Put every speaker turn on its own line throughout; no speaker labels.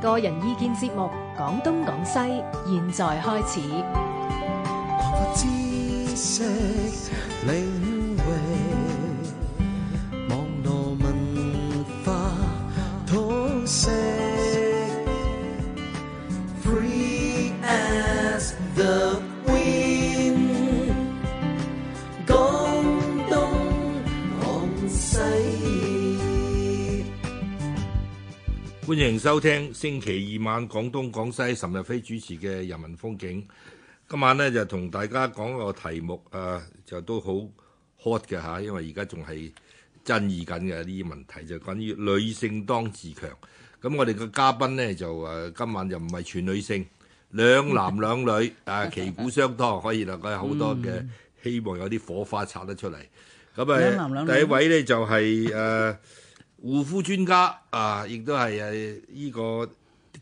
個人意見
節目，講東講西，現在開始。
歡迎收聽星期二晚廣東廣西岑逸飛主持嘅《人民風景》。今晚呢，就同大家講個題目，誒、呃、就都好 hot 嘅吓，因為而家仲係爭議緊嘅呢啲問題，就關於女性當自強。咁我哋嘅嘉賓呢，就誒、呃、今晚就唔係全女性，兩男兩女，誒旗鼓相當，可以啦，佢好、嗯、多嘅希望有啲火花擦得出嚟。咁誒，呃、兩兩第一位呢，就係、是、誒。呃 護膚專家啊，亦都係誒依個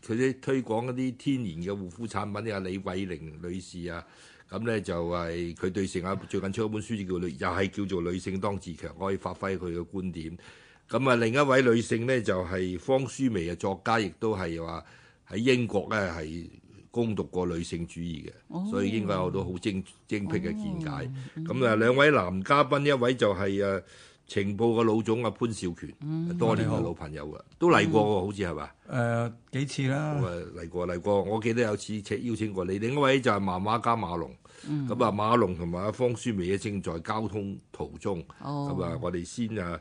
佢啲推廣一啲天然嘅護膚產品啊，李韡玲女士啊，咁咧就係佢對成啊最近出一本書叫《又係叫做女性當自強》，可以發揮佢嘅觀點。咁、嗯、啊，另一位女性咧就係方舒眉嘅作家，亦都係話喺英國咧係攻讀過女性主義嘅，所以應該有好多好精精辟嘅見解。咁、嗯、啊，兩位男嘉賓，一位就係誒。情報嘅老總阿潘少權，嗯、多年嘅老朋友啊，嗯、都嚟過喎，好似係嘛？誒、呃、幾次啦，嚟過嚟過，我記得有次請邀請過你，另一位就係漫畫家馬龍，咁啊、嗯、馬龍同埋阿方舒眉正在交通途中，咁、哦、啊我哋先啊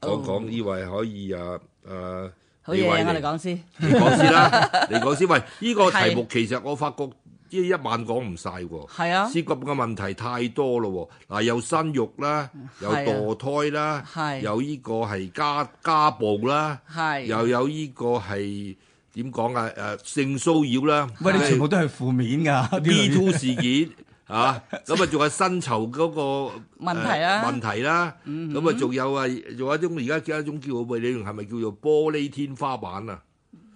講講呢位可以啊、哦、啊，位好嘢，我哋講先說， 你講先啦，你講先，喂，呢、呢個題目其實我發覺。即係一晚講唔晒喎，涉及嘅問題太多啦喎！嗱，有生育啦，有墮胎啦，
有
呢個係家家暴啦，又有呢個係點講啊？誒，性騷擾啦，喂，你全部
都係負面㗎。B to
事件嚇，咁啊仲係薪酬嗰個問題啊問題啦，咁啊仲有啊，仲有一種而家叫一種叫咩？你係咪叫做玻璃天花板啊？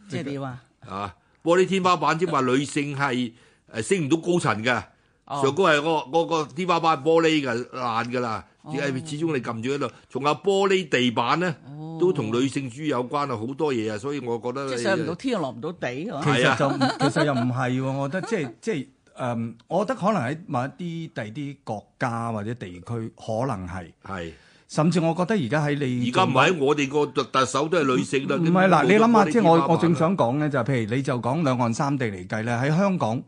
即係點啊？啊，玻璃天花板即係話女性係。誒升唔到高層嘅，
上
高係個個個啲花花玻璃嘅爛㗎啦，只係始終你撳住喺度，仲有玻璃地板
咧，
都同女
性主義有關啊！好多嘢啊，所以我覺得即係上唔到
天又落唔到地，係啊，其實
又唔係喎，我覺得即係即係誒，我覺得可能喺某一啲第二啲國家或者地區可能係係，甚至我覺得而家喺你而家唔係喺
我哋個特特首都係女性啦，唔係嗱，你諗下即係我我正
想講咧，就譬如你就講兩岸三地嚟計咧，喺香港。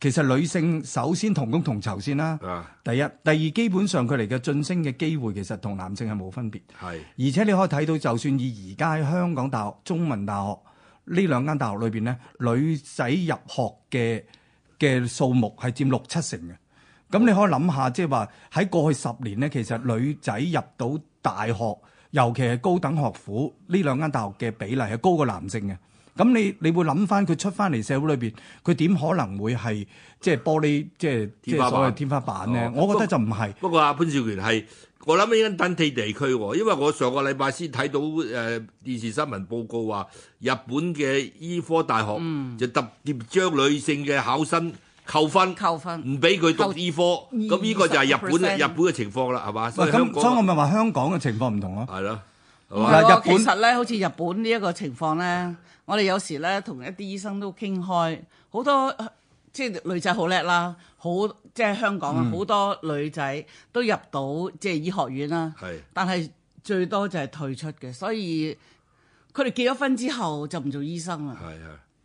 其實女性首先同工同酬先啦，啊、第一、第二，基本上佢哋嘅晉升嘅機會其實同男性係冇分別，係是而且你可以睇到，就算以而家喺香港大學、中文大學呢兩間大學裏邊咧，女仔入學嘅嘅數目係佔六七成嘅。咁、啊、你可以諗下，即係話喺過去十年咧，其實女仔入到大學，尤其係高等學府呢兩間大學嘅比例係高過男性嘅。咁你你會諗翻佢出翻嚟社會裏邊，佢點可能會係即係玻璃，即係即係所謂天花板咧？哦、我覺得就唔係。
不過阿潘少權係我諗起緊等記地區，因為我上個禮拜先睇到誒、呃、電視新聞報告話，日本嘅醫科大學就特別將女性嘅考生扣分，唔俾佢讀醫科。咁呢個就係日本嘅日本嘅情況啦，係嘛？所以、嗯、所以我
咪話香港嘅情況唔同咯。係咯。其實
咧，好似日本呢一個情況咧，我哋有時咧同一啲醫生都傾開，好多即係女仔好叻啦，好即係香港啊，好、嗯、多女仔都入到即係醫學院啦。係是，但係最多就係退出嘅，所以佢哋結咗婚之後就唔做醫生啦。係係，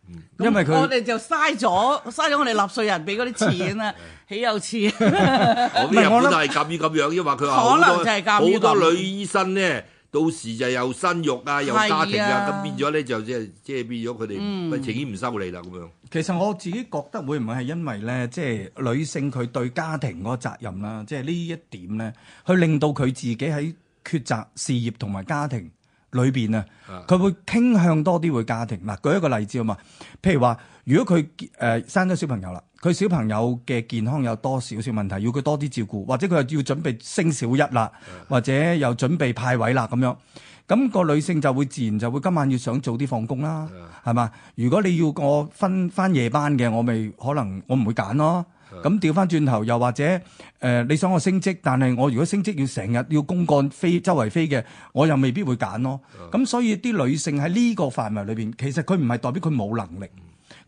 嗯、因為我哋就嘥咗嘥咗我哋納稅人俾嗰啲錢啦，豈有此？
唔係，我哋係
就係咁樣，因為佢可能就係鑒於好多女醫生咧。 到時就又生育啊，又家庭啊，咁是、啊、變咗咧就即係即係變咗佢哋情願唔收你啦
咁樣。嗯、其實我自己覺得會唔會係因為咧，即、就、係、是、女性佢對家庭個責任啦、啊，即係呢一點咧，去令到佢自己喺抉擇事業同埋家庭裏邊啊，佢會傾向多啲會家庭。嗱、啊，舉一個例子啊嘛，譬如話。如果佢誒生咗小朋友啦，佢小朋友嘅健康有多少少問題，要佢多啲照顧，或者佢又要準備升小一啦，或者又準備派位啦，咁樣，咁個女性就會自然就會今晚要想早啲放工啦，係嘛？如果你要我分翻夜班嘅，我咪可能我唔會揀咯。咁調翻轉頭，又或者誒你想我升職，但係我如果升職要成日要公幹，飛周圍飛嘅，我又未必會揀咯。咁所以啲女性喺呢個範圍裏邊，其實佢唔係代表佢冇能力。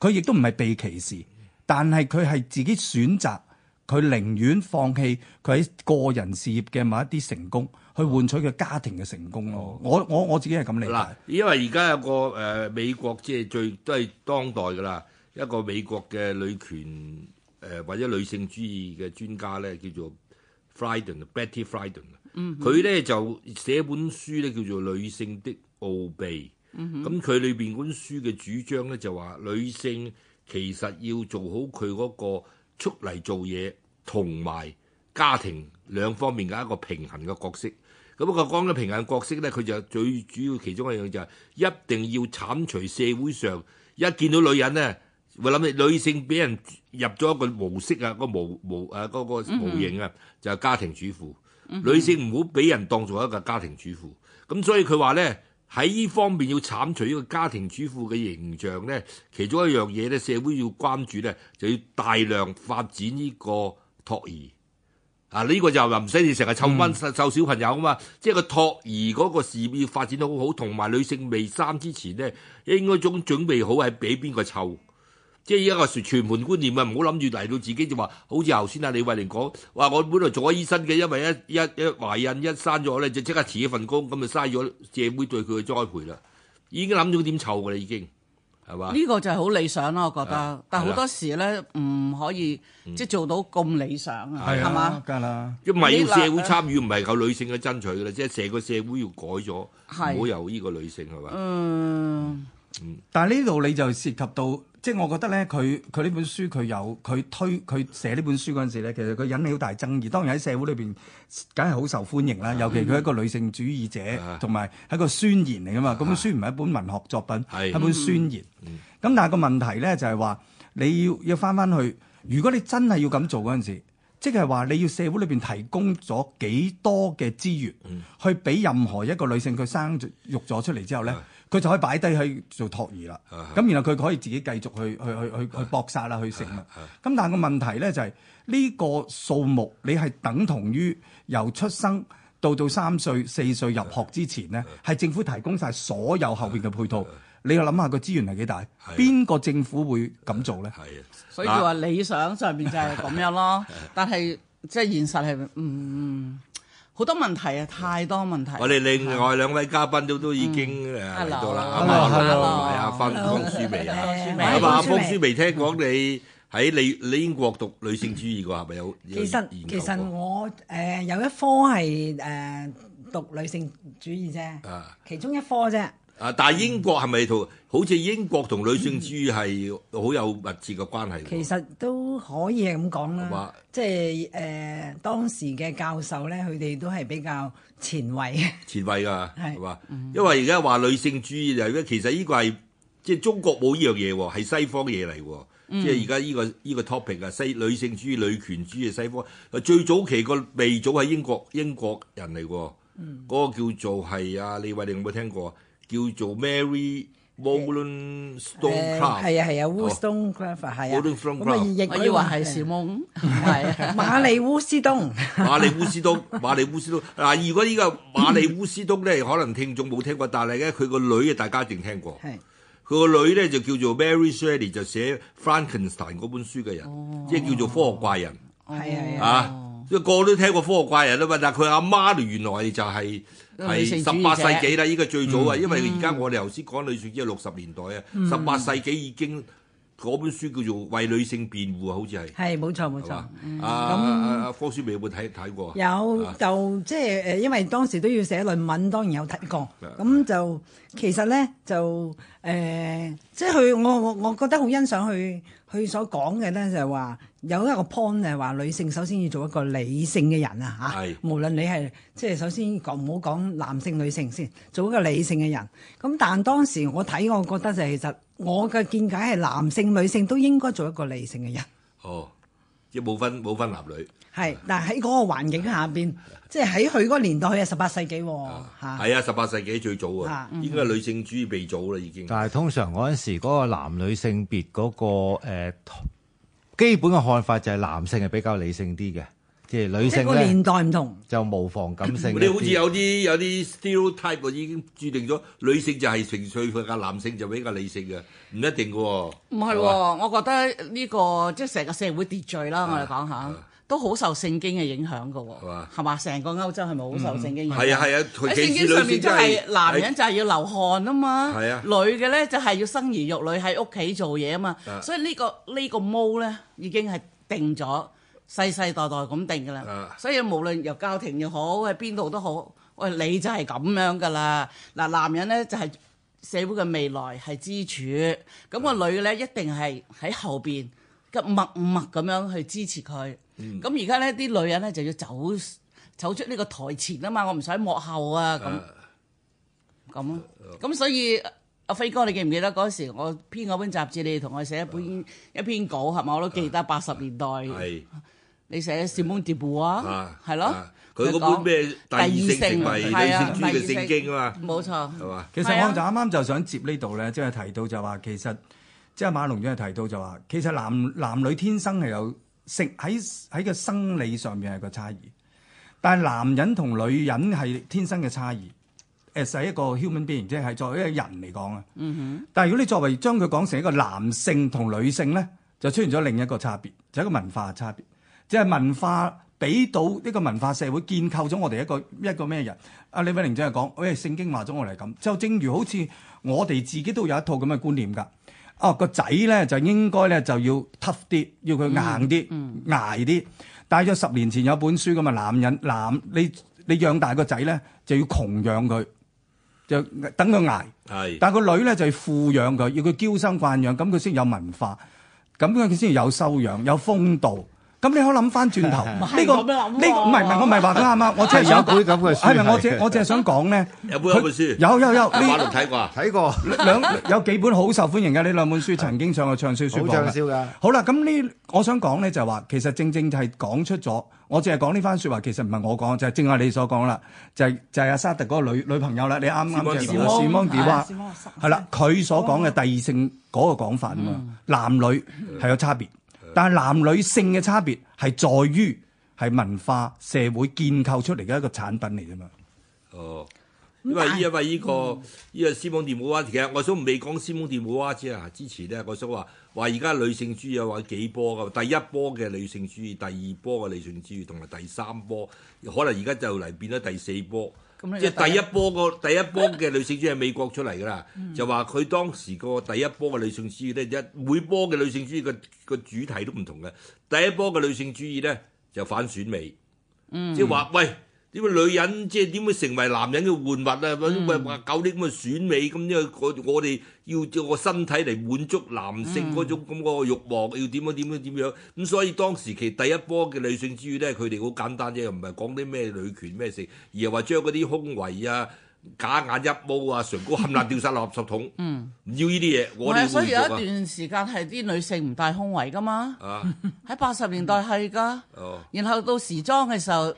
佢亦都唔係被歧視，但係佢係自己選擇，佢寧願放棄佢喺個人事業嘅某一啲成功，去換取佢家庭嘅成功咯、哦。我我我自己係咁理解。嗱，
因為而家有個誒、呃、美國即係最都係當代㗎啦，一個美國嘅女權誒、呃、或者女性主義嘅專家咧，叫做 Frieden Betty Frieden、嗯哼。嗯，佢咧就寫本書咧，叫做《女性的奧秘》。咁佢，嗯、裏邊本書嘅主張咧就話女性其實要做好佢嗰個出嚟做嘢同埋家庭兩方面嘅一個平衡嘅角色。咁佢講嘅平衡角色咧，佢就最主要其中一樣就係一定要剷除社會上一見到女人咧，會諗起女性俾人入咗一個模式、那個、模模啊，個模模誒個模型啊，就係、是、家庭主婦。嗯、哼女性唔好俾人當做一個家庭主婦。咁所以佢話咧。喺呢方面要剷除呢個家庭主婦嘅形象咧，其中一樣嘢咧，社會要關注咧，就要大量發展呢個托兒啊！呢、呢個就係話唔使你成日湊蚊湊小朋友啊嘛，嗯、即係個托兒嗰個事業要發展得好好，同埋女性未生之前咧，應該總準備好係俾邊個湊？即係依一個全盤觀念，咪唔好諗住嚟到自己就話，好似頭先阿李韡玲講，話我本來做咗醫生嘅，因為一一一懷孕一生咗咧，就即刻辭咗份工，咁咪嘥咗社會對佢嘅栽培啦。已經諗咗點湊噶啦，已經係嘛？呢個
就係好理想咯，我覺得，但係好多時咧唔可以即係做到咁理想啊，係嘛？
梗啦，即係社會參
與，唔係靠女性嘅爭取噶啦，即係成個社會要改咗，好有呢個女性係嘛？嗯，
但係呢度你就涉及到。即係我覺得咧，佢佢呢本書佢有佢推佢寫呢本書嗰陣時咧，其實佢引起好大爭議。當然喺社會裏邊，梗係好受歡迎啦。尤其佢係一個女性主義者，同埋係一個宣言嚟㗎嘛。咁、嗯、本書唔係一本文學作品，係是一本宣言。咁、嗯嗯、但係個問題咧就係、是、話，你要要返返去，如果你真係要咁做嗰陣時，即係話你要社會裏邊提供咗幾多嘅資源、嗯、去俾任何一個女性佢生育咗出嚟之後咧？嗯嗯嗯佢就可以擺低去做托兒啦，咁然後佢可以自己繼續去去去去去搏殺啦，去食啊。咁但係個問題咧就係呢個數目，你係等同於由出生到到三歲、四歲入學之前咧，係政府提供晒所有後邊嘅配套。你諗下個資源係幾大？邊個政府會咁做咧？係啊，所以就話
理想上面就係咁樣咯，但係即係現實係唔。好多問題啊！太多問題。我哋
另外兩位嘉賓都都已經誒嚟到啦。阿馬，阿馬，阿芬、啊，方舒眉啊！阿、嗯、方舒眉，啊、書聽講你喺你你英國讀女性主義㗎，係咪、嗯、有其？其實其實
我誒、呃、有一科係誒、呃、讀女性主義啫，其中一科啫。啊
啊！但係英國係咪同好似英國同女性主義係好有密切嘅關係？其
實都可以係咁講啦，吧即係誒、呃、當時嘅教授咧，佢哋都係比較前衞
前衞㗎係嘛？嗯、因為而家話女性主義就其實呢個係即係中國冇呢樣嘢喎，係西方嘢嚟喎。嗯、即係而家呢個依、這個 topic 啊，西女性主義、女權主義，西方最早期個未早係英國，英國人嚟喎。嗰、嗯、個叫做係啊，李韡玲有冇聽過？叫做 Mary Wollstonecraft 係啊，係啊
，Wollstonecraft 係、嗯、啊。咁啊，意譯嗰啲話係小蒙，係啊，瑪麗·烏 斯東。
瑪麗·烏斯東，瑪麗·烏斯東。嗱，如果呢個瑪麗·烏斯東咧，可能聽眾冇聽過，但係咧佢個女啊，大家一定聽過。佢個是女咧就叫做 Mary Shelley 就寫 Frankenstein 嗰本書嘅人，哦、即係叫做科學怪人。係、哦哦、啊，啊，個個都聽過科學怪人啦嘛，但係佢阿媽原來就係、是。係十八世紀啦，呢個最早啊，嗯、因為而家我哋頭先講女性即係六十年代啊，十八世紀已經嗰本書叫做為女性辯護啊，好似係
係，冇錯冇錯。啊咁，阿阿
方舒眉有冇睇睇過有？啊、
就即係誒，因為當時都要寫論文，當然有睇過。咁就其實咧就誒、呃，即係佢我我我覺得好欣賞佢。佢所講嘅呢就係話有一個 point，就係話女性首先要做一個理性嘅人啊嚇，是無論你係即係首先講唔好講男性女性先，做一個理性嘅人。咁但當時我睇我覺得就係、是、其實我嘅見解係男性女性都應該做一個理性嘅人。
哦。即冇分冇分男女，
係但係喺嗰個環境下邊，即喺佢嗰個年代，佢係十八世紀喎
係 啊十八世紀最
早啊，應該係
女性主義最早啦已經。
但係通常嗰陣時嗰個男女性別嗰、嗰個、呃、基本嘅看法就係男性係比較理性啲嘅。即係女性咧，個年代唔同就無妨感性。你好似有
啲有啲 stereotype 已經注定咗，女性就係情緒化，男性就比較理性嘅，唔一定嘅喎。唔係喎，
吧我覺得呢、呢個即係成個社會秩序啦，我哋講下、啊、都好受聖經嘅影響嘅喎。係嘛、啊？成個歐洲係咪好受聖經影響？係啊係啊，聖經上面就係男人就係要流汗啊嘛。係啊，女嘅咧就係要生兒育女喺屋企做嘢啊嘛。啊所以呢、呢個呢、呢個模咧已經係定咗。世世代代咁定噶啦，所以無論由家庭又好，係邊度都好，喂，你就係咁樣噶啦。嗱，男人咧就係社會嘅未來係支柱，咁個女嘅咧一定係喺後邊嘅默默咁樣去支持佢。咁而家咧啲女人咧就要走走出呢個台前啊嘛，我唔使幕後啊咁咁。咁、啊、所以阿飛、啊、哥，你記唔記得嗰時我編嗰本雜誌，你哋同我寫一本、啊、一篇稿係咪？我都記得八十年代。啊啊啊啊啊啊啊你寫《閃崩跌步》啊，係咯？佢嗰本咩《第二性》咪《女性主義》嘅聖經啊嘛，冇錯係嘛？其實我就啱
啱就想接呢度咧，即係提到就話其實即係馬龍總係提到就話其實男男女天生係有性喺喺個生理上面係個差異，但係男人同女人係天生嘅差異誒，係一個 human being，即係作為一個人嚟講啊。嗯哼，但係如果你作為將佢講成一個男性同女性咧，就出現咗另一個差別，就係一個文化嘅差別。即係文化俾到一個文化社會建構咗我哋一個一個咩人？阿李韡玲就係講，誒、哎、聖經話咗我哋咁，就正如好似我哋自己都有一套咁嘅觀念㗎。哦、啊，個仔咧就應該咧就要 tough 啲，要佢硬啲，嗯嗯、捱啲。大約十年前有本書㗎嘛，男人男你你養大個仔咧就要窮養佢，就等佢捱。係是。但係個女咧就係富養佢，要佢嬌生慣養，咁佢先有文化，咁樣佢先有修養、有風度。咁你可諗翻轉頭，呢個呢唔係唔係我唔係話緊啱啱，我即係有本咁嘅書，係咪我我淨係想講咧？
有冇一本書？
有有有，你喺度睇過啊？睇過兩有幾本好受歡迎嘅呢兩本書，曾經上過暢銷書榜嘅。好暢銷㗎。好啦，咁呢，我想講咧就係話，其實正正就係講出咗，我淨係講呢番説話，其實唔係我講，就係正係你所講啦，就係就係阿沙特嗰個女女朋友啦，你啱啱就講啦，Simone Diba，係啦，佢所講嘅第二性嗰個講法啊嘛，男女係有差別。但係男女性嘅差別係在於係文化社會建構出嚟嘅一個產品嚟㗎嘛。
哦，因為依呢依個依、嗯呢個西蒙波娃，其實我想未講西蒙波娃先啊。之前咧，我想話話而家女性主義有幾波㗎，第一波嘅女性主義，第二波嘅女性主義，同埋第三波，可能而家就嚟變咗第四波。即係第一波個、嗯、第一波嘅女性主義係美國出嚟㗎啦，就話佢當時個第一波嘅女性主義咧，一每波嘅女性主義個個主題都唔同嘅，第一波嘅女性主義咧就反選美，嗯、
即係話
喂。點解女人即係點會成為男人嘅玩物啊？咁咪話搞啲咁嘅選美，咁呢個我我哋要個身體嚟滿足男性嗰種咁個慾望，要點樣點樣點樣咁。所以當時其實第一波嘅女性之餘咧，佢哋好簡單啫，又唔係講啲咩女權咩事，而係話將嗰啲胸圍啊、假眼、鬢毛啊、唇膏冚 𠰤 掉曬落垃圾桶。嗯，唔要呢啲嘢，我哋唔要啊。唔係，所以有一
段時間係啲女性唔戴胸圍噶嘛。喺八十年代係噶，然後到時裝嘅時候。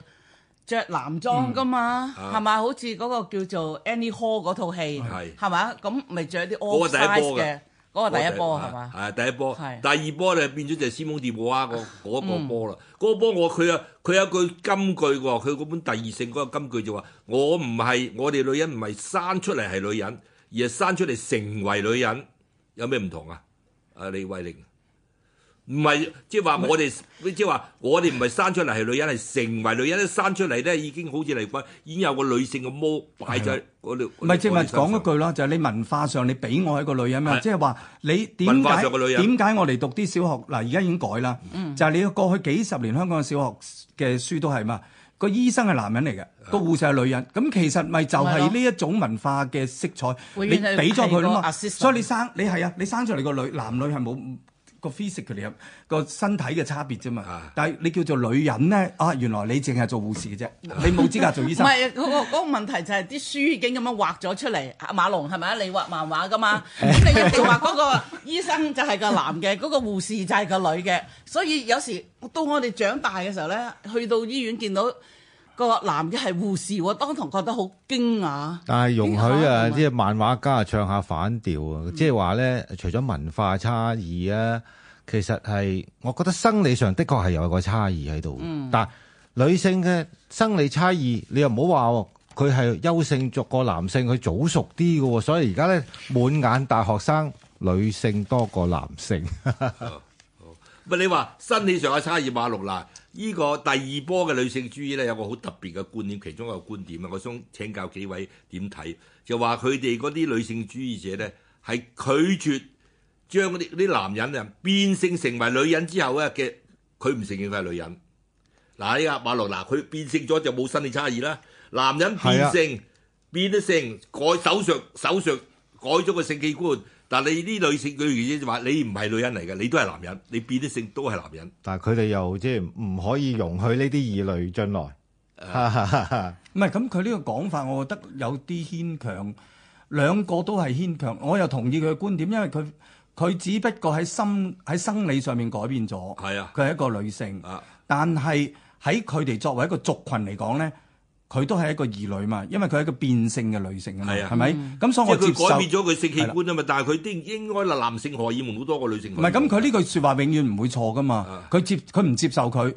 着男裝噶嘛，係咪、嗯？好似嗰個叫做 Annie Hall 嗰套戲，係嘛是？咁咪着啲 oversize 嘅，嗰個第一波係嘛？
係第一波，是第二波咧變咗隻西蒙德波娃嗰個波啦。嗰、嗯、個波我佢啊佢有句金句喎，佢嗰本第二性嗰個金句就話：我唔係我哋女人唔係生出嚟係女人，而係生出嚟成為女人。有咩唔同啊？阿李韡玲。唔係即係話我哋，即係話我哋唔係生出嚟係女人，係成為女人咧生出嚟咧已經好似嚟講已經有個女性嘅魔擺咗喺嗰度。唔係即係咪講一
句咯，就係你文化上你俾我一個女人呀，即係話你點解個女人點解我嚟讀啲小學嗱？而家已經改啦，就係你過去幾十年香港嘅小學嘅書都係嘛，個醫生係男人嚟嘅，個護士係女人。咁其實咪就係呢一種文化嘅色彩，你俾咗佢嘛。所以你生你係啊，你生出嚟個女男女係冇。個 physical 個身體嘅差別啫嘛，但係你叫做女人咧，啊原來你淨係做護士嘅啫，你冇資格做醫生。唔係，
嗰個嗰個問題就係啲書已經咁樣畫咗出嚟，馬龍係咪啊？你畫漫畫噶嘛？咁你一定話嗰個醫生就係個男嘅，嗰 個護士就係個女嘅。所以有時到我哋長大嘅時候咧，去到醫院見到，個男嘅係護士，我當堂覺得好驚訝。
但係容許啊，即係漫畫家啊唱下反調啊，即係話咧，除咗文化差異啊，其實係我覺得生理上的確係有一個差異喺度。嗯。但係女性嘅生理差異，你又唔好話佢係優勝逐過男性，佢早熟啲嘅，所以而家咧滿眼大學生女性多過男性。
好，好，你話生理上嘅差異馬龍瀨。呢個第二波嘅女性主義咧，有個好特別嘅觀點，其中一個觀點啊，我想請教幾位點睇？就話佢哋嗰啲女性主義者咧，係拒絕將嗰啲啲男人啊變性成為女人之後咧嘅，佢唔承認佢係女人嗱。依家馬龍嗱，佢變性咗就冇心理差異啦，男人變性是的 變咗性改手術，手術改咗個性器官。嗱，你呢女性舉例子就話你唔係女人嚟嘅，你都係男人，你變啲性都係男人。
但係佢哋又即係唔可以容許呢啲異類
進來。唔係，呃，咁， 佢呢個講法，我覺得有啲牽強，兩個都係牽強，我又同意佢嘅觀點，因為佢佢只不過喺心喺生理上面改變咗。係啊，佢係一個女性，啊，但係，喺佢哋作為一個族群嚟講咧。佢都係一個兒女嘛，因為佢係一個變性嘅女性啊嘛，係咪？咁所以我即係佢改變咗
佢性器官啊嘛，但係佢應應該啦，男性荷爾蒙好多過女性。唔係，咁佢
呢句説話永遠唔會錯噶嘛。佢接佢唔接受佢，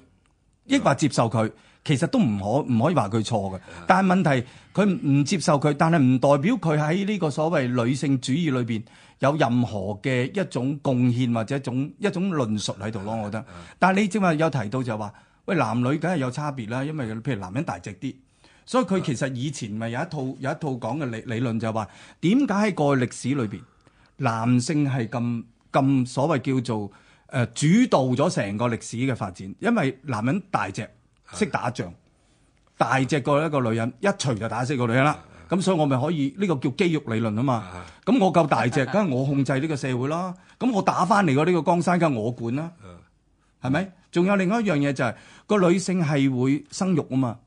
抑或接受佢，其實都唔可唔可以話佢錯嘅。但係問題佢唔接受佢，但係唔代表佢喺呢個所謂女性主義裏邊有任何嘅一種貢獻或者一種一種論述喺度咯。我覺得。但係你正話有提到就話，喂，男女梗係有差別啦，因為譬如男人大隻啲。所以佢其實以前咪有一套有一套講嘅理理論，就係話點解喺個歷史裏邊男性係咁咁所謂叫做誒、呃、主導咗成個歷史嘅發展，因為男人大隻，識打仗，大隻過一個女人，一錘就打死個女人啦。咁所以我咪可以呢、這個叫肌肉理論啊嘛。咁我夠大隻，梗係我控制呢個社會啦。咁我打翻嚟嘅呢個江山梗係我管啦。係咪、嗯？仲有另外一樣嘢就係、是、個女性係會生育啊嘛。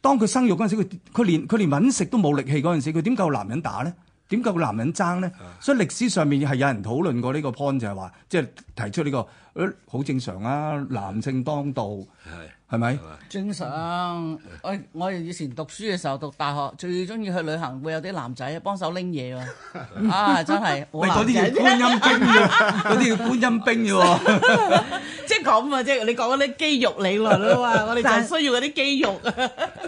當佢生育嗰陣時，佢佢連佢連搵食都冇力氣嗰陣時，佢點夠男人打咧？點夠男人爭咧？啊、所以歷史上面係有人討論過呢個 point 就係話，即係提出呢個，呃，好正常啊，男性當道。係咪正
常？我我以前讀書嘅時候，讀大學，最中意去旅行，會有啲男仔幫手拎嘢喎。啊，真係，我啲仔觀音兵，嗰啲叫觀音兵嘅喎。即係咁啊，即係你講嗰啲肌肉理論啊嘛，我哋最需要嗰啲肌肉。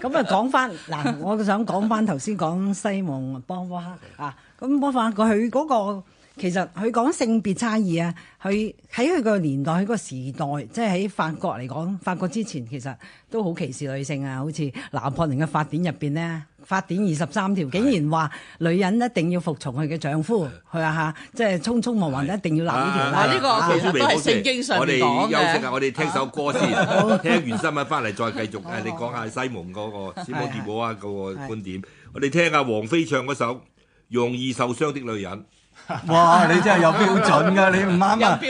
咁啊，講翻嗱，我想講翻頭先講西蒙幫幫下啊，咁幫翻佢佢嗰個。其實佢講性別差異啊，佢喺佢個年代佢個時代，即係喺法國嚟講，法國之前其實都好歧視女性啊。好似拿破崙嘅法典入邊咧，法典二十三條竟然話女人一定要服從佢嘅丈夫，係啊，吓，即係匆匆忙忙一定要諗呢條。啊，呢個都係聖經上講嘅。我哋休息啊，我
哋聽首歌先，聽完新聞翻嚟再繼續。誒，你講下西蒙嗰個節目啊，嗰個觀點。我哋聽下王菲唱嗰首《容易受傷的女人》。哇！你真係有標準㗎，你唔啱啊！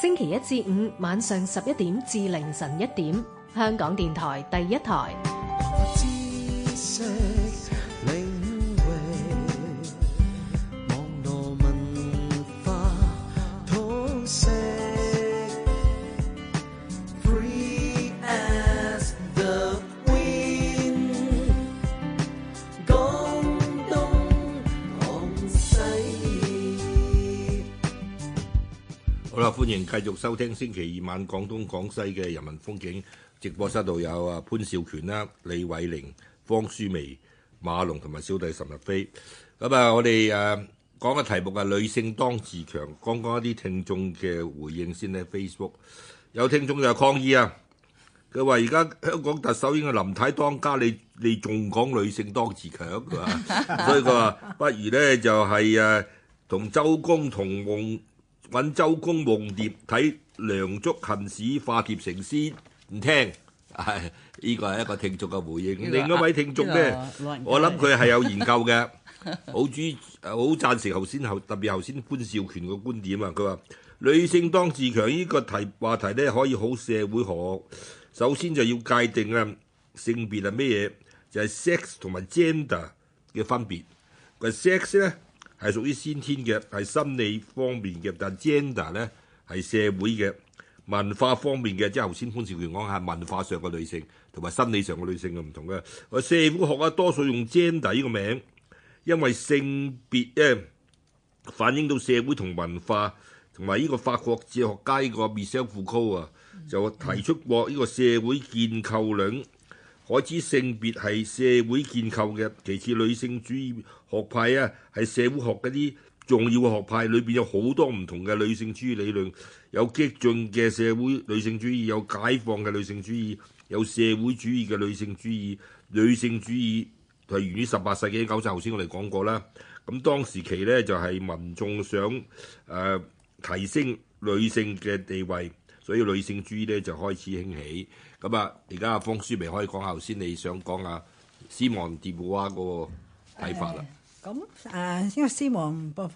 星期一至五晚上十一點至凌晨一點，香港電台第一台。
咁歡
迎繼續收聽星期二晚廣東廣西嘅《人民風景》，直播室度有啊，潘少權啦、李韡玲、方舒眉、馬龍同埋小弟岑逸飛。咁啊，我哋誒講嘅題目係，女性當自強。講一講一啲聽眾嘅回應先咧 face。Facebook 有聽眾又抗議啊，佢話而家香港特首已經係林太當家，你你仲講女性當自強， 所以佢話 不如咧就係誒同周公同夢。揾周公夢蝶睇梁祝秦史化蝶成仙，唔聽。係呢個係一個聽眾嘅回應。另一位聽眾咧，我諗佢係有研究嘅，好主好贊成頭先後特別頭先潘少權嘅觀點啊。佢話女性當自強呢個題話題咧，可以好社會學。首先就要界定啊性別係咩嘢，就係 sex 同埋 gender 嘅分別。個 sex 咧，係屬於先天嘅，係心理方面嘅；但 gender 咧係社會嘅文化方面嘅，即係頭先潘少權講係文化上嘅女性同埋生理上嘅女性嘅唔同嘅。社會學啊多數用 gender 依個名，因為性別、呃、反映到社會同文化同埋依個法國哲學家個 Michel Foucault 啊，就提出過依個社會建構論。我知性別係社會建構嘅，其次女性主義學派啊係社會學嗰啲重要嘅學派，裏邊有好多唔同嘅女性主義理論，有激進嘅社會女性主義，有解放嘅女性主義，有社會主義嘅女性主義。女性主義係源於十八世紀歐洲，頭先我哋講過啦。咁當時期咧就係、是、民眾想誒、呃、提升女性嘅地位，所以女性主義咧就開始興起。咁啊，而家阿方舒眉可以講下頭先你想講啊，西蒙波娃嗰個睇法啦。
咁誒，因為西蒙波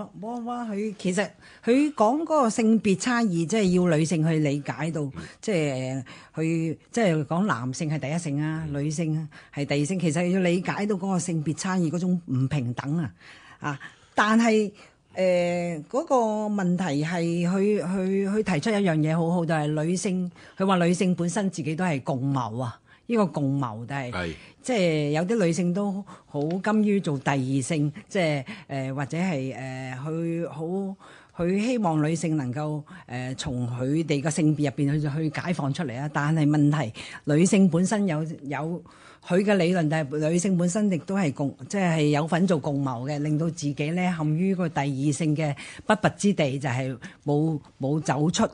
娃佢其實佢講嗰個性別差異，即係要女性去理解到，即係去即係講男性係第一性啊，女性啊係第二性。其實要理解到嗰個性別差異嗰種唔平等啊，啊，但係。誒嗰、呃那個問題係，佢佢佢提出一樣嘢，好好就係、是、女性。佢話女性本身自己都係共謀啊，呢個共謀、就是，但係即係有啲女性都好甘於做第二性，即係誒或者係誒，佢好佢希望女性能夠誒、呃、從佢哋嘅性別入邊去去解放出嚟啊。但係問題，女性本身有有。佢嘅理論就係女性本身亦都係共，即係有份做共謀嘅，令到自己咧陷於個第二性嘅不拔之地，就係冇冇走出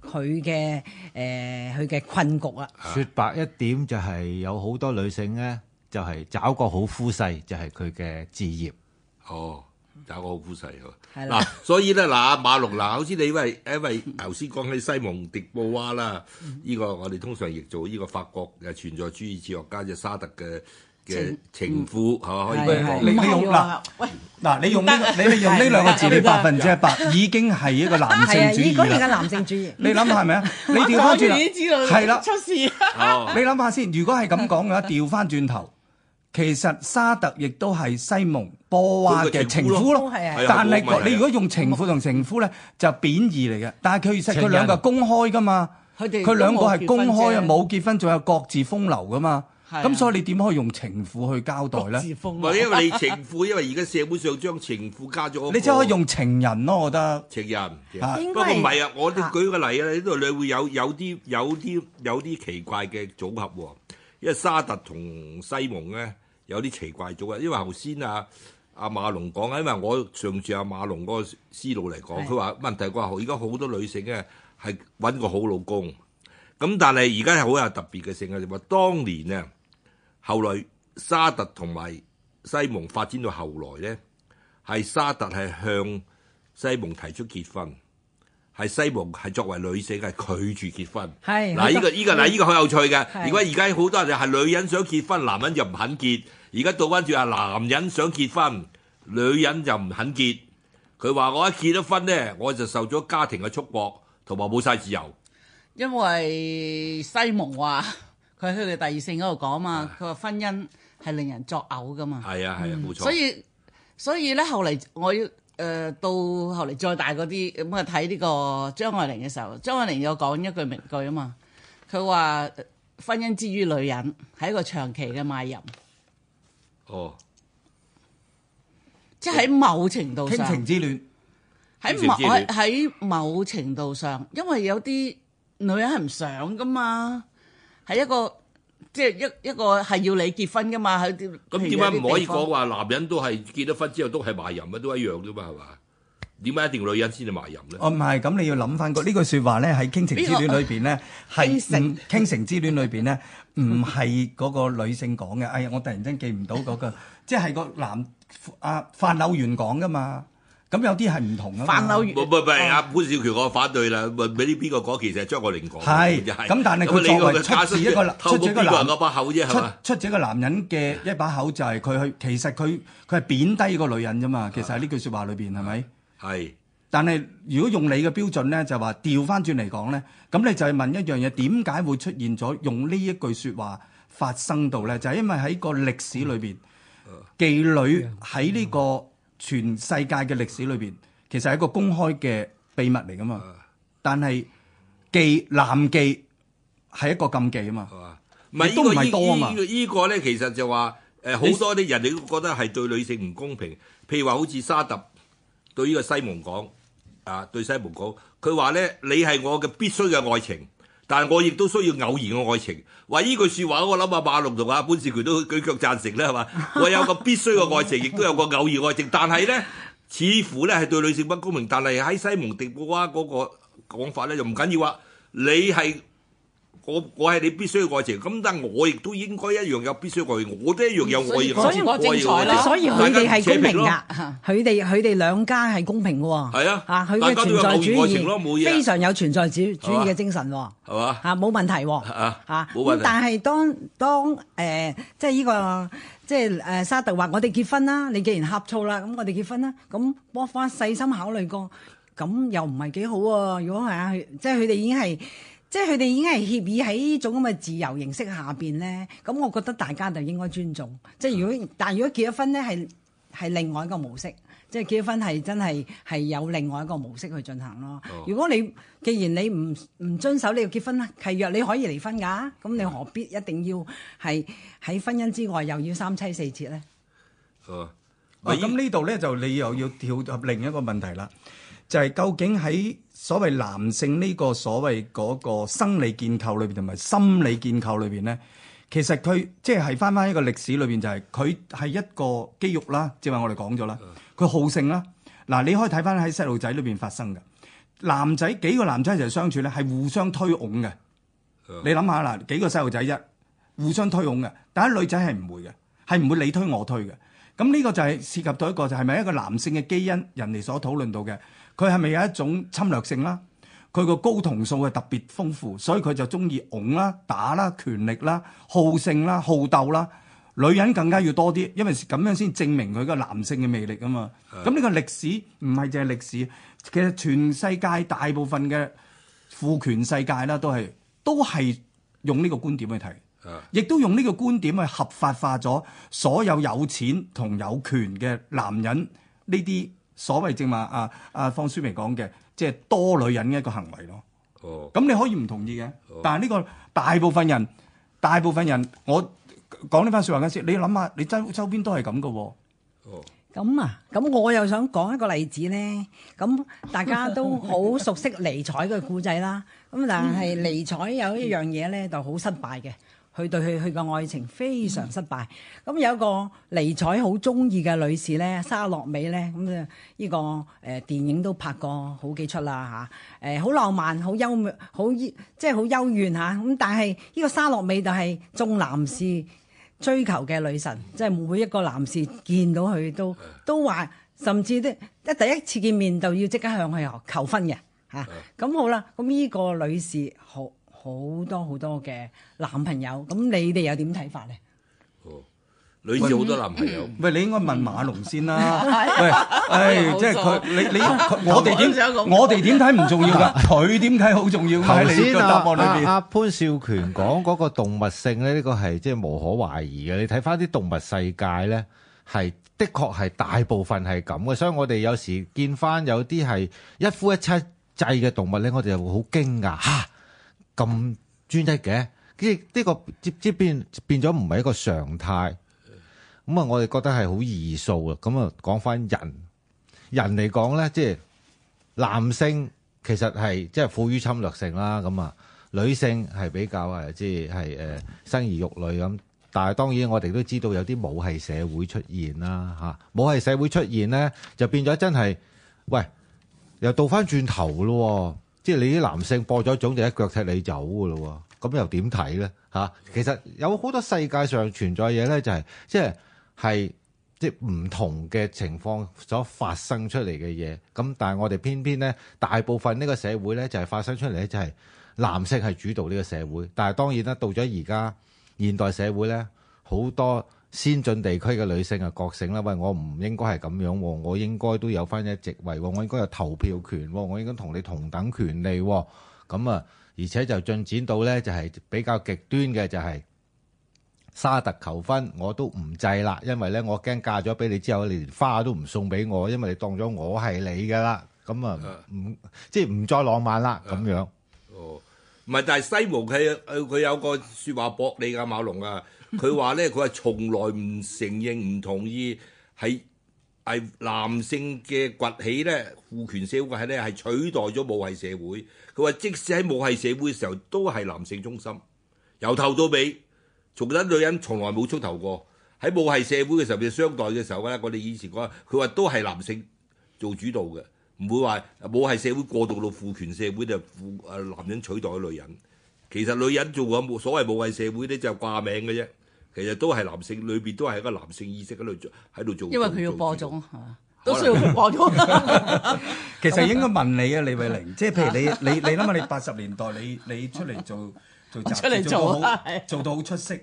佢嘅誒佢嘅困局啦。説
白一點，就係有好多女性咧，就係找個好夫婿，就係佢嘅置業。哦。打一個好姿勢喎，
嗱，所以咧，嗱，馬龍，嗱，好似你喂，因為，頭先講起西蒙·迪布娃啦，呢個我哋通常譯做呢個法國嘅存在主義哲學家，即係沙特嘅嘅情婦嚇，可以講你用嗱，喂，
嗱，你用你用呢兩個字，你百分之一百已經係一個男性主義啦。男
性主義，你諗下係咪啊？你調翻轉啦，係啦，出事。
你諗下先，如果係咁講嘅話，調翻轉頭，其實沙特亦都係西蒙。我話嘅情婦咯，但係你如果用情婦同情夫咧，就貶義嚟嘅。但係佢實佢兩個係公開㗎嘛，
佢兩個係公開冇
結婚，仲有各自風流㗎嘛。咁所以你點可以用情婦去交代咧？唔係因為你情
婦，因為而家社會上將情婦加咗。你真係可以用
情人咯，我覺得
情人嚇。不過唔係啊，我哋舉個例啊，呢度你會有有啲有啲有啲奇怪嘅組合喎。因為沙特同西蒙咧有啲奇怪組合啊，因為頭先啊。阿、啊、馬龍講，因為我上次阿馬龍嗰個思路嚟講，佢話是的 問題個話，而家好多女性嘅係揾個好老公，咁但係而家係好有特別嘅性嘅。你話當年啊，後來沙特同埋西蒙發展到後來咧，係沙特係向西蒙提出結婚，係西蒙係作為女性係拒絕結婚。係的，嗱呢、呢個依的、呢個嗱依、呢個好有趣嘅。如果而家好多人就係女人想結婚，男人就唔肯結。而家倒翻住啊，男人想結婚，女人就唔肯結。佢話：我一結咗婚咧，我就受咗家庭嘅束縛，同埋冇晒自由。
因為西蒙話佢喺佢嘅第二性嗰度講嘛，佢話婚姻係令人作嘔㗎嘛。係啊，係啊，冇錯。所以所以咧，後嚟我要誒到後嚟再大嗰啲咁啊，睇呢個張愛玲嘅時候，張愛玲有講一句名句啊嘛。佢話婚姻之於女人係一個長期嘅賣淫。哦，即係喺某程度上，喺
某
喺某程度上，因為有啲女人係唔想噶嘛，係一個即係一一個係要你結婚噶嘛，咁點解唔可以講話
男人都係結咗婚之後都係賣淫啊，都一樣啫嘛，係嘛？點解一定女人先至賣淫咧？哦，唔
係，咁你要諗翻個呢句説話咧，喺傾城之戀裏邊咧，係唔傾城之戀裏邊咧，唔係嗰個女性講嘅。哎呀，我突然間記唔到嗰個，即係個男阿范柳原講噶嘛。咁有啲係唔同啊嘛。范柳
原唔唔唔係阿潘少權，我反對啦。問俾呢邊個講？其實係張國林講。係，咁但係佢作為出咗個出咗個男人一把口啫，出
出咗個男人嘅一把口就係佢去。其實佢佢係貶低個女人咋嘛？其實喺呢句説話裏邊係咪？係，是但係如果用你嘅標準咧，就話調翻轉嚟講咧，咁你就係問一樣嘢，點解會出現咗用呢一句説話發生到咧？就係，是，因為喺個歷史裏邊，嗯嗯，妓女喺呢個全世界嘅歷史裏邊，嗯、其實係一個公開嘅秘密嚟㗎嘛。嗯嗯、但係妓男妓係一個禁忌啊嘛，唔係都唔係多啊嘛。這個這個這
個、呢個咧其實就話誒好多啲人你都覺得係對女性唔公平，譬如話好似沙特。對呢個西蒙講，啊對西蒙講，佢話咧你係我嘅必須嘅愛情，但係我亦都需要偶然嘅愛情。話呢句説話，我諗啊馬龍同阿潘少權都舉腳贊成啦，係嘛？我有個必須嘅愛情，亦都有個偶然愛情，但係咧，似乎咧係對女性不公平。但係喺西蒙迪布娃嗰個講法咧，就唔緊要啊。你係。我我係你必須嘅愛情，咁但係我亦都應該一樣有必須嘅愛情，我都一樣有愛情。所以我精彩咯。所以佢哋係公平噶，
佢哋佢哋兩家係公平嘅喎。係啊，嚇佢嘅存在主義，非常有存在主義嘅精神喎。係嘛？嚇，冇問題喎，嚇嚇。咁但係當當誒即係呢個即係誒沙特話我哋結婚啦，你既然呷醋啦，咁我哋結婚啦，咁幫翻細心考慮過，咁又唔係幾好喎？如果係啊，即係佢哋已經係。即係佢哋已經係協議喺呢種咁嘅自由形式下邊咧，咁我覺得大家就應該尊重。即係如果但係如果結咗婚咧，係係另外一個模式。即係結咗婚係真係係有另外一個模式去進行咯。哦、如果你既然你唔唔遵守你要結婚契約，你可以離婚噶，咁你何必一定要係喺婚姻之外又要三妻四妾咧？
哦，咁呢度咧就你又要跳入另一個問題啦，就係、是，究竟喺。所謂男性呢個所謂嗰個生理結構裏邊同埋心理結構裏邊咧，其實佢即係翻翻一個歷史裏邊就係佢係一個肌肉啦，即係我哋講咗啦，佢好勝啦。嗱，你可以睇翻喺細路仔裏邊發生㗎，男仔，幾個男仔一齊相處咧，係互相推擁嘅。嗯、你諗下啦，幾個細路仔一互相推擁嘅，但係女仔係唔會嘅，係唔會你推我推嘅。咁呢個就係、是、涉及到一個就係、是、咪一個男性嘅基因人哋所討論到嘅。佢係咪有一種侵略性啦？佢個睾酮素係特別豐富，所以佢就中意拱啦、打啦、權力啦、好勝啦、好鬥啦。女人更加要多啲，因為咁樣先證明佢個男性嘅魅力啊嘛。咁呢個歷史唔係淨係歷史，其實全世界大部分嘅父權世界啦，都係都係用呢個觀點去睇，亦都用呢個觀點去合法化咗所有有錢同有權嘅男人呢啲。所謂正話啊啊，方舒眉講嘅，即係多女人嘅一個行為咯。哦，咁你可以唔同意嘅，oh. 但係呢個大部分人，大部分人，我講呢番説話嘅時，你諗下，你周周邊都係咁嘅喎。哦，
咁啊，咁我又想講一個
例子咧。咁大家都好
熟悉尼采嘅故仔啦。咁 但係尼采有一樣嘢咧，就好、是、失敗嘅。佢對佢佢個愛情非常失敗，咁、嗯、有一個尼采好中意嘅女士咧，沙洛美咧，咁啊呢個誒電影都拍過好幾出啦嚇，誒、呃、好浪漫、好幽美、好即係好幽怨嚇，咁但係呢個沙洛美就係眾男士追求嘅女神，即係每一個男士見到佢都都話，甚至咧一第一次見面就要即刻向佢求婚嘅嚇，咁、啊嗯、好啦，咁、這、呢個女士好。好多好多嘅男朋友，咁你哋又點睇法咧？
哦，女子好多男朋友。唔係，你應該問馬龍先啦。喂，即係佢，你你我哋點想講？我哋點睇唔重要噶，佢點睇好重要。頭先個答案裏邊
啊，潘少權講嗰個動物性咧，呢個係即係無可懷疑嘅。你睇翻啲動物世界咧，係的確係大部分係咁嘅。所以我哋有時見翻有啲係一夫一妻制嘅動物咧，我哋就會好驚訝嚇。咁專一嘅，即係呢個即即變變咗唔係一個常態。咁啊，我哋覺得係好異數啊。咁啊，講翻人，人嚟講咧，即係男性其實係即係富於侵略性啦。咁啊，女性係比較係即係係誒生兒育女咁。但係當然我哋都知道有啲母系社會出現啦，嚇，母系社會出現咧就變咗真係，喂又倒翻轉頭咯。即係你啲男性播咗種就一腳踢你走㗎咯喎，咁又點睇咧？嚇，其實有好多世界上存在嘢咧、就係，就係即係係即係唔同嘅情況所發生出嚟嘅嘢。咁但係我哋偏偏咧，大部分呢個社會咧就係發生出嚟咧就係男性係主導呢個社會。但係當然啦，到咗而家現代社會咧，好多，先進地區嘅女性啊，覺醒啦！喂，我唔應該係咁樣喎，我應該都有返一席位喎，我應該有投票權喎，我應該同你同等權利喎。咁啊，而且就進展到咧，就係、是、比較極端嘅，就係沙特求婚我都唔制啦，因為咧我驚嫁咗俾你之後，你連花都唔送俾我，因為你當咗我係你噶啦。咁啊，唔、啊、即係唔再浪漫啦咁、啊、樣。
哦，唔係，但係西蒙佢佢有個説話駁你噶馬龍啊。佢話咧，佢話從來唔承認唔同意係係男性嘅崛起咧，父權社會係咧係取代咗母系社會。佢話即使喺母系社會嘅時候，都係男性中心，由頭到尾，從頭女人從來冇出頭過。喺母系社會嘅時候，譬如相待嘅時候咧，我哋以前講，佢話都係男性做主導嘅，唔會話母系社會過渡到父權社會就父誒男人取代女人。其實女人做啊，冇所謂母系社會咧，就掛名嘅啫。其實都係男性，裏邊都係一個男性意識喺度做，喺度做。因為佢要
播種，係事、啊、都需要播種。
能 其實應該問你啊，李韡玲， 即
係譬如你，你，你諗下，你八十年代你你出嚟做做雜誌，做好， 做到好 出色。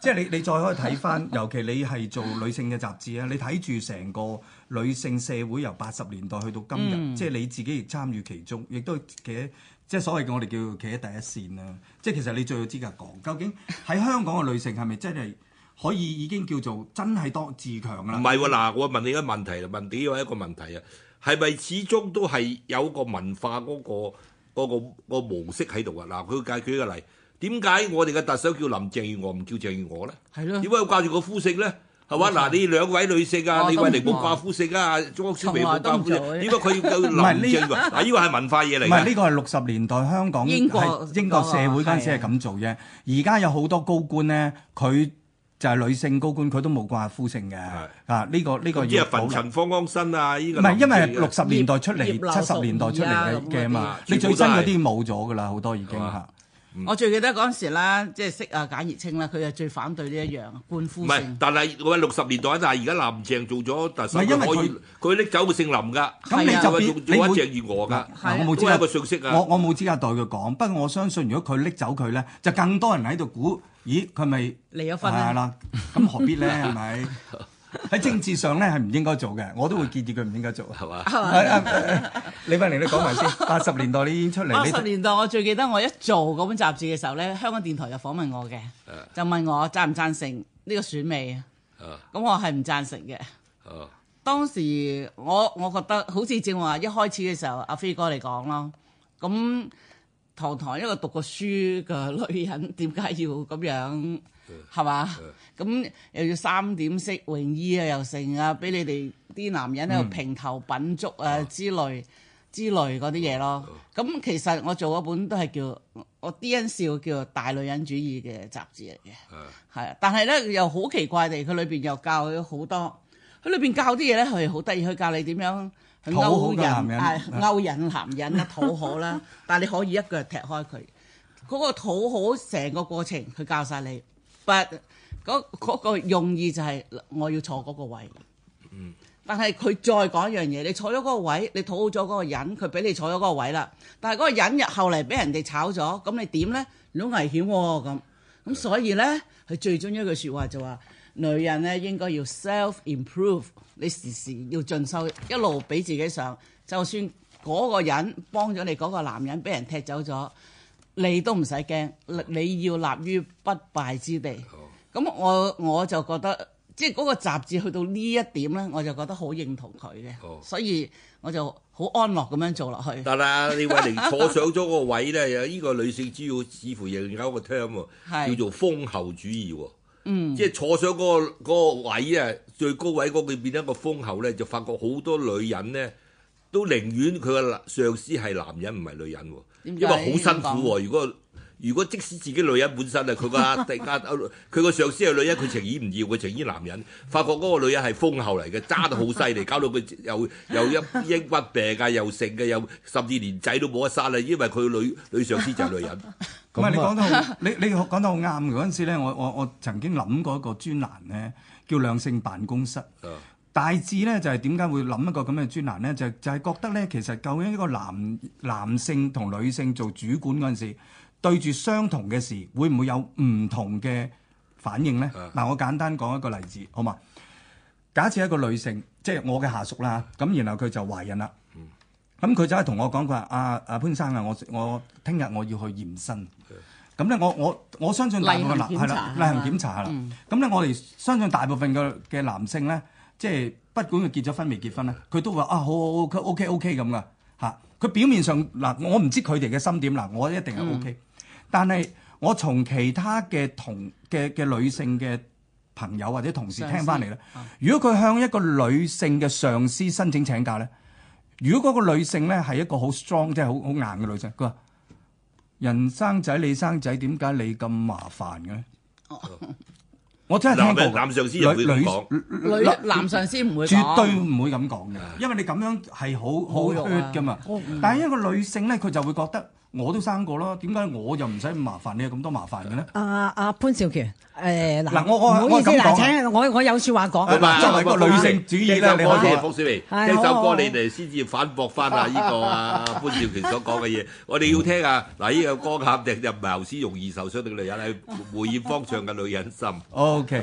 即係你你再可以睇翻，尤其你係做女性嘅雜誌啊，你睇住成個女性社會由八十年代去到今日，即係 你自己亦參與其中，亦都嘅。即係所謂嘅我哋叫企喺第一線啦，即係其實你最有資格講，究竟喺香港嘅女性係咪真係可以已經叫做真係當自強啦？唔係喎，嗱，
我問你一個問題啦，問點樣一個問題啊，係咪始終都係有個文化嗰個嗰個嗰個模式喺度啊？嗱，佢解決一個例，點解我哋嘅特首叫林鄭月娥唔叫鄭月娥咧？係咯的？點解要掛住個膚色咧？係嘛？嗱，呢兩位女性啊，李韡玲都掛夫姓啊，莊淑梅冇掛夫姓。依個點解佢要林正啊，依個係文化嘢嚟。唔係呢
個係六十年代香港英國英國社會陣時係咁做啫。而家有好多高官咧，佢就係女性高官，佢都冇掛夫姓嘅。啊，呢個呢個要。即係馮陳
方安生啊！依個唔係，因為六十年代出嚟，七十年代出嚟嘅嘅嘛，你最新嗰啲
冇咗噶啦，好多已經。
我最記得嗰陣時啦，即係識啊簡義清啦，佢就最反對呢一樣冠夫姓唔係，
但係我喺六十年代，但係而家林鄭做咗，但係因幾可佢拎他走佢姓林㗎，咁、啊、你就必你會鄭月娥㗎。我冇知有個
信息啊。我我冇資格代佢講，不過我相信如果佢拎走佢咧，就更多人喺度估，咦，佢咪離咗婚啦？咁、嗯嗯嗯嗯、何必咧？係咪？喺政治上咧，係唔應該做嘅，我都會建議佢唔應該做，係嘛？李韡玲，你講埋先。八十年代你已經出嚟，八十
年代我最記得我一做嗰本雜誌嘅時候咧，香港電台就訪問我嘅， 就問我贊唔贊成呢個選美，咁 我係唔贊成嘅。 當時我我覺得好似正話一開始嘅時候，阿飛哥嚟講咯，咁堂堂一個讀過書嘅女人，點解要咁樣？係嘛？咁又要三點式泳衣啊，又剩啊，俾你哋啲男人又評頭品足啊之類、嗯、之類嗰啲嘢咯。咁、嗯嗯、其實我做嗰本都係叫我啲人笑叫大女人主義嘅雜誌嚟
嘅，
係、嗯。但係咧又好奇怪地，佢裏邊又教咗好多。佢裏邊教啲嘢咧係好得意，佢教你點樣勾引，係、啊、勾引男人、啊、 討好啦。但係你可以一腳踢開佢。嗰個討好成個過程，佢教晒你 but。嗰個用意就係我要坐嗰個位。但係佢再講一樣嘢，你坐咗嗰個位，你討好咗嗰個人，佢俾你坐咗嗰個位啦。但係嗰個人後嚟俾人哋炒咗，咁你點咧？好危險喎、哦！咁咁，所以呢，佢最中意一句説話就話：女人咧應該要 self improve，你時時要進修，一路俾自己上。就算嗰個人幫咗你，嗰個男人俾人踢走咗，你都唔使驚。你你要立於不敗之地。咁我我就覺得，即係嗰個雜誌去到呢一點咧，我就覺得好認同佢嘅，哦、所以我就好安樂咁樣做落去。得
啦，李韡玲坐上咗個位咧，呢依 個女性主要似乎又有個 term 喎。是，叫做蜂后主義喎。嗯，即係坐上嗰、嗰個嗰個位啊，最高位嗰個變一個蜂后咧，就發覺好多女人咧都寧願佢個上司係男人唔係女人，為什因為好辛苦喎。如果如果即使自己女人本身啊，佢個阿迪亞，佢個上司係女人，佢情意唔要佢情意男人，發覺嗰個女人係風後嚟嘅，揸 得好犀利，搞到佢又又一抑鬱病啊，又剩嘅，又，又甚至連仔都冇得生啦，因為佢女女上司就係女人。
唔係、啊、你講得好，你你講得好啱嗰陣時咧，我我我曾經諗過一個專欄咧，叫兩性辦公室。大致咧就係點解會諗一個咁嘅專欄咧？就係、就係、係、覺得咧，其實究竟一個男男性同女性做主管嗰陣時。對住相同嘅事，會唔會有唔同嘅反應咧？嗱、嗯啊，我簡單講一個例子，好嘛？假設一個女性，即係我嘅下屬啦，咁然後佢就懷孕啦，咁、嗯、佢、嗯嗯、就係同我講，佢話：阿阿潘生啊，生我我聽日我，我要去驗身。咁咧、嗯，我我我相信大部分男係啦，例行檢查啦。咁咧，嗯、我哋相信大部分嘅嘅男性咧，即係不管佢結咗婚未結婚咧，佢都話：啊，好好，好，好，佢 OK OK 咁噶嚇。佢表面上嗱，我唔知佢哋嘅心點嗱，我一定係 OK。但係我從其他嘅同嘅嘅女性嘅朋友或者同事聽翻嚟咧，啊、如果佢向一個女性嘅上司申請請假咧，如果嗰個女性咧係一個好 strong 即係好好硬嘅女性，佢話，人生仔，你生仔點解你咁麻煩嘅咧？哦 我真係聽過男。男上司又會講，女男上司唔會講，絕對唔會咁講嘅。因為你咁樣係好好 hurt 㗎嘛。啊嗯、但係一個女性咧，佢就會覺得。我都生過啦，點解我又唔使咁麻煩？你有咁多麻煩嘅咧？
阿阿潘少權，誒嗱，唔好意思，嗱，請我我有説話講，唔係
個女性主義
啦，你開始，方舒眉聽首歌，你哋先至反駁翻啊依個阿潘少權所講嘅嘢。我哋要聽啊嗱，依個歌喊定就唔係頭先容易受傷嘅女人係梅豔芳唱嘅《女人心》。
O K。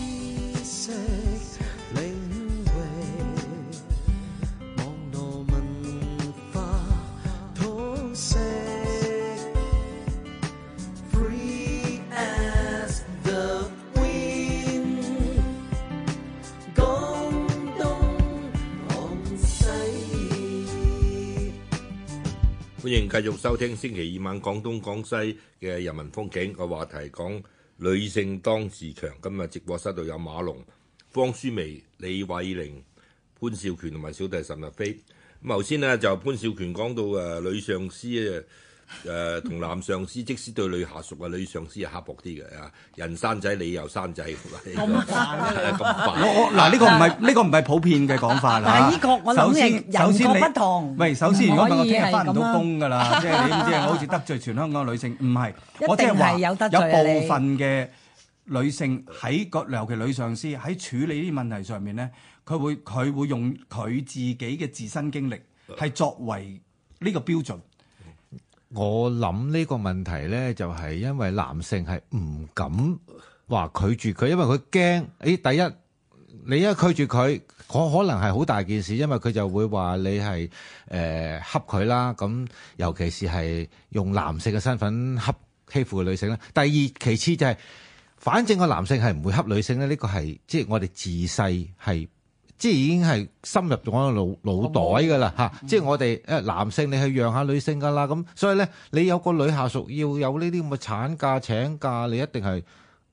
歡迎繼續收聽星期二晚廣東廣西嘅《人民風景》個話題，講女性當自強。今日直播室度有馬龍、方舒眉、李韡玲、潘少權同埋小弟岑逸飛。咁頭先呢，就潘少權講到誒，女上司。誒同、呃、男上司，即使對女下屬啊，女上司係刻薄啲嘅啊，人生仔你又生仔，
咁我我，嗱，呢個唔係，呢個唔係普遍嘅講法啦。呢 個我諗嘅，首先人各不同。唔係，首先如果問我聽日翻唔到工㗎啦， 即係你唔知係好似得罪全香港女性，唔係， 一定係有得罪、啊、有部分嘅女性喺個 尤其女上司喺處理呢啲問題上面咧，佢會佢會用佢自己嘅自身經歷係作為呢個標準。
我諗呢個問題咧，就係、是、因為男性係唔敢話拒絕佢，因為佢驚誒。第一，你一拒絕佢，可可能係好大件事，因為佢就會話你係誒恰佢啦。咁、呃、尤其是係用男性嘅身份恰欺負嘅女性咧。第二，其次就係、是、反正個男性係唔會恰女性咧，呢、這個係即係我哋自細係。即係已經係深入咗、嗯、我腦腦袋㗎喇吓，即係我哋誒男性，你去讓下女性㗎喇咁，所以咧你有個女下屬要有呢啲咁嘅產假請假，你一定係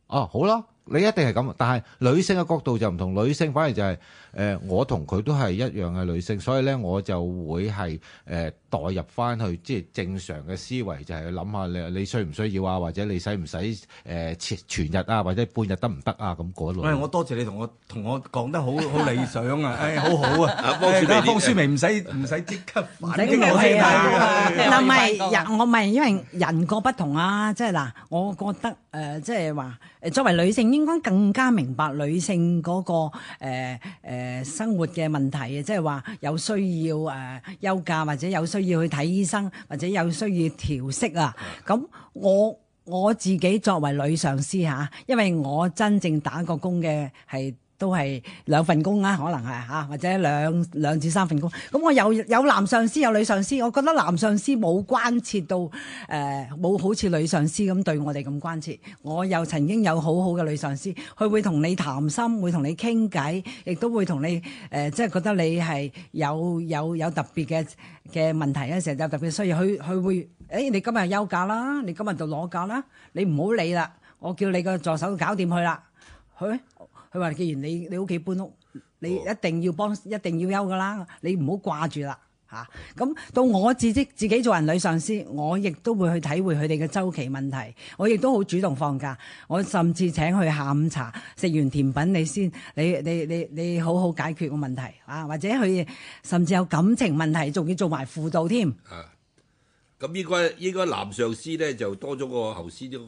哦、啊、好啦，你一定係咁，但係女性嘅角度就唔同，女性反而就係、是。誒，我同佢都係一樣嘅女性，所以咧我就會係誒代入翻去，即係正常嘅思維，就係去諗下你你需唔需要啊，或者你使唔使誒全日啊，或者半日得唔得啊咁嗰類。誒，我
多謝你同我同我講得好好理想啊，誒，好好啊，幫住你。方舒眉，唔使唔使即刻反擊我先啦。嗱，唔係人，
我唔係因為人各不同啊，即係嗱，我覺得誒，即係話作為女性應該更加明白女性嗰個誒誒。誒，生活嘅問題，啊，即係話有需要誒休假，或者有需要去睇醫生，或者有需要調息啊。咁我我自己作為女上司吓，因為我真正打過工嘅係。都係兩份工啦，可能係吓，或者兩兩至三份工。咁我有有男上司，有女上司。我覺得男上司冇關切到，誒冇好似女上司咁對我哋咁關切。我又曾經有好好嘅女上司，佢會同你談心，會同你傾偈，亦都會同你誒，即係覺得你係有有有特別嘅嘅問題咧，成日有特別需要，佢佢會，誒你今日休假啦，你今日就攞假啦，你唔好理啦，我叫你個助手搞掂佢啦，去。佢話：既然你你屋企搬屋，你一定要幫，哦、一定要休噶啦。你唔好掛住啦嚇。咁、啊嗯、到我自己自己做人女上司，我亦都會去體會佢哋嘅週期問題。我亦都好主動放假，我甚至請佢下午茶，食完甜品你先，你你你你好好解決個問題啊！或者佢甚至有感情問題，仲要做埋輔導添。
啊！咁應該應該男上司咧就多咗個後先嗰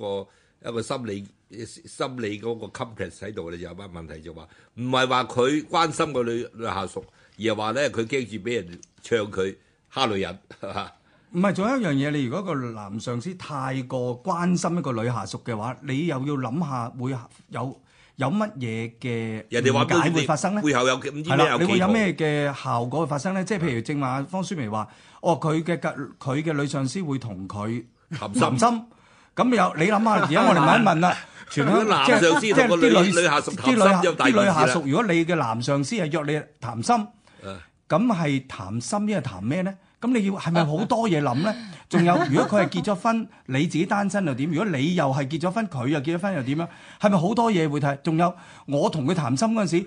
個一個心理，心理嗰個 compas 喺度，你有乜問題就話，唔係話佢關心個女女下屬，而係話咧佢驚住俾人唱佢蝦女人，
嚇！唔係，仲有一樣嘢，你如果個男上司太過關心一個女下屬嘅話，你又要諗下會有有乜嘢嘅解會發生咧？背後有咁啲咩有？係啦，你會有咩嘅效果會發生咧？即係譬如正話方舒眉話，哦，佢嘅佢嘅女上司會同佢談心。咁又你諗下，而家我哋問一問啦，全部啲男上司同啲女, 女下屬，啲女啲下女下屬，如果你嘅男上司係約你談心，咁係 談心談呢，依家談咩咧？咁你要係咪好多嘢諗咧？仲有，如果佢係結咗婚， 你自己單身又點？如果你又係結咗婚，佢又結咗婚又點樣？係咪好多嘢會睇？仲有，我同佢談心嗰陣時。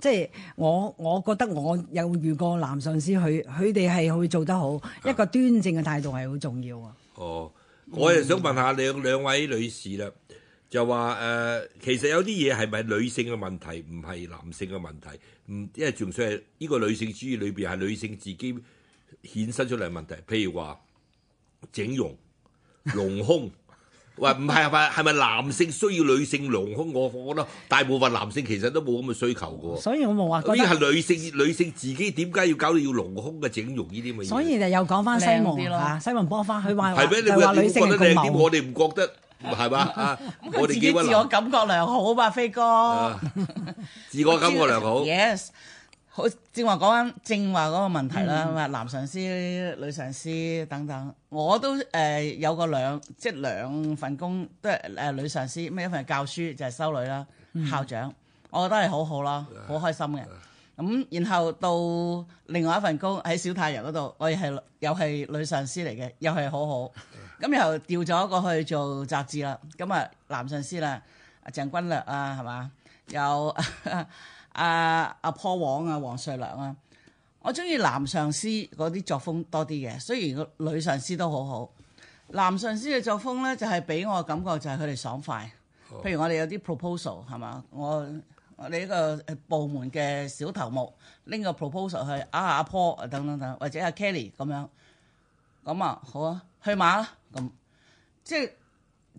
即係我，我覺得我有遇過男上司，佢佢哋係會做得好，一個端正嘅態度係好重要啊。哦，
我又想問，問下兩兩位女士啦，就話誒、呃，其實有啲嘢係咪女性嘅問題，唔係男性嘅問題，唔因為純粹係呢個女性主義裏邊係女性自己衍生出嚟嘅問題，譬如話整容、隆胸。 喂，唔係，係咪男性需要女性隆胸？我覺得大部分男性其實都冇咁嘅需求嘅。所以我
冇話，呢係女
性，女性自己點解要搞到要隆胸嘅整容呢啲咪？所以
就又講翻西蒙啦，西蒙波娃佢話話女性咁茂，
我哋唔覺得係嘛啊？咁自己自我
感覺
良好嘛，飛哥，
自我感覺良好。
Yes。好，正話講緊正話嗰個問題啦，話、嗯、男上司、女上司等等，我都誒有個兩即兩份工都係誒女上司，咩一份教書就係、是、修女啦，校長，嗯、我覺得係好好咯，好、嗯、開心嘅。咁、嗯、然後到另外一份工喺小太陽嗰度，我係又係女上司嚟嘅，又係好好。咁然後調咗過去做雜誌啦，咁啊男上司啦，鄭君略啊，係嘛？有。 啊啊破王啊王瑞良啊！我中意男上司嗰啲作風多啲嘅，雖然個女上司都好好。男上司嘅作風咧，就係、是、俾我感覺就係佢哋爽快。好譬如我哋有啲 proposal 係嘛，我我哋呢個部門嘅小頭目拎個 proposal 去啊阿 Paul 等等等，或者阿 Kelly 咁樣，咁啊好啊去馬啦咁，即係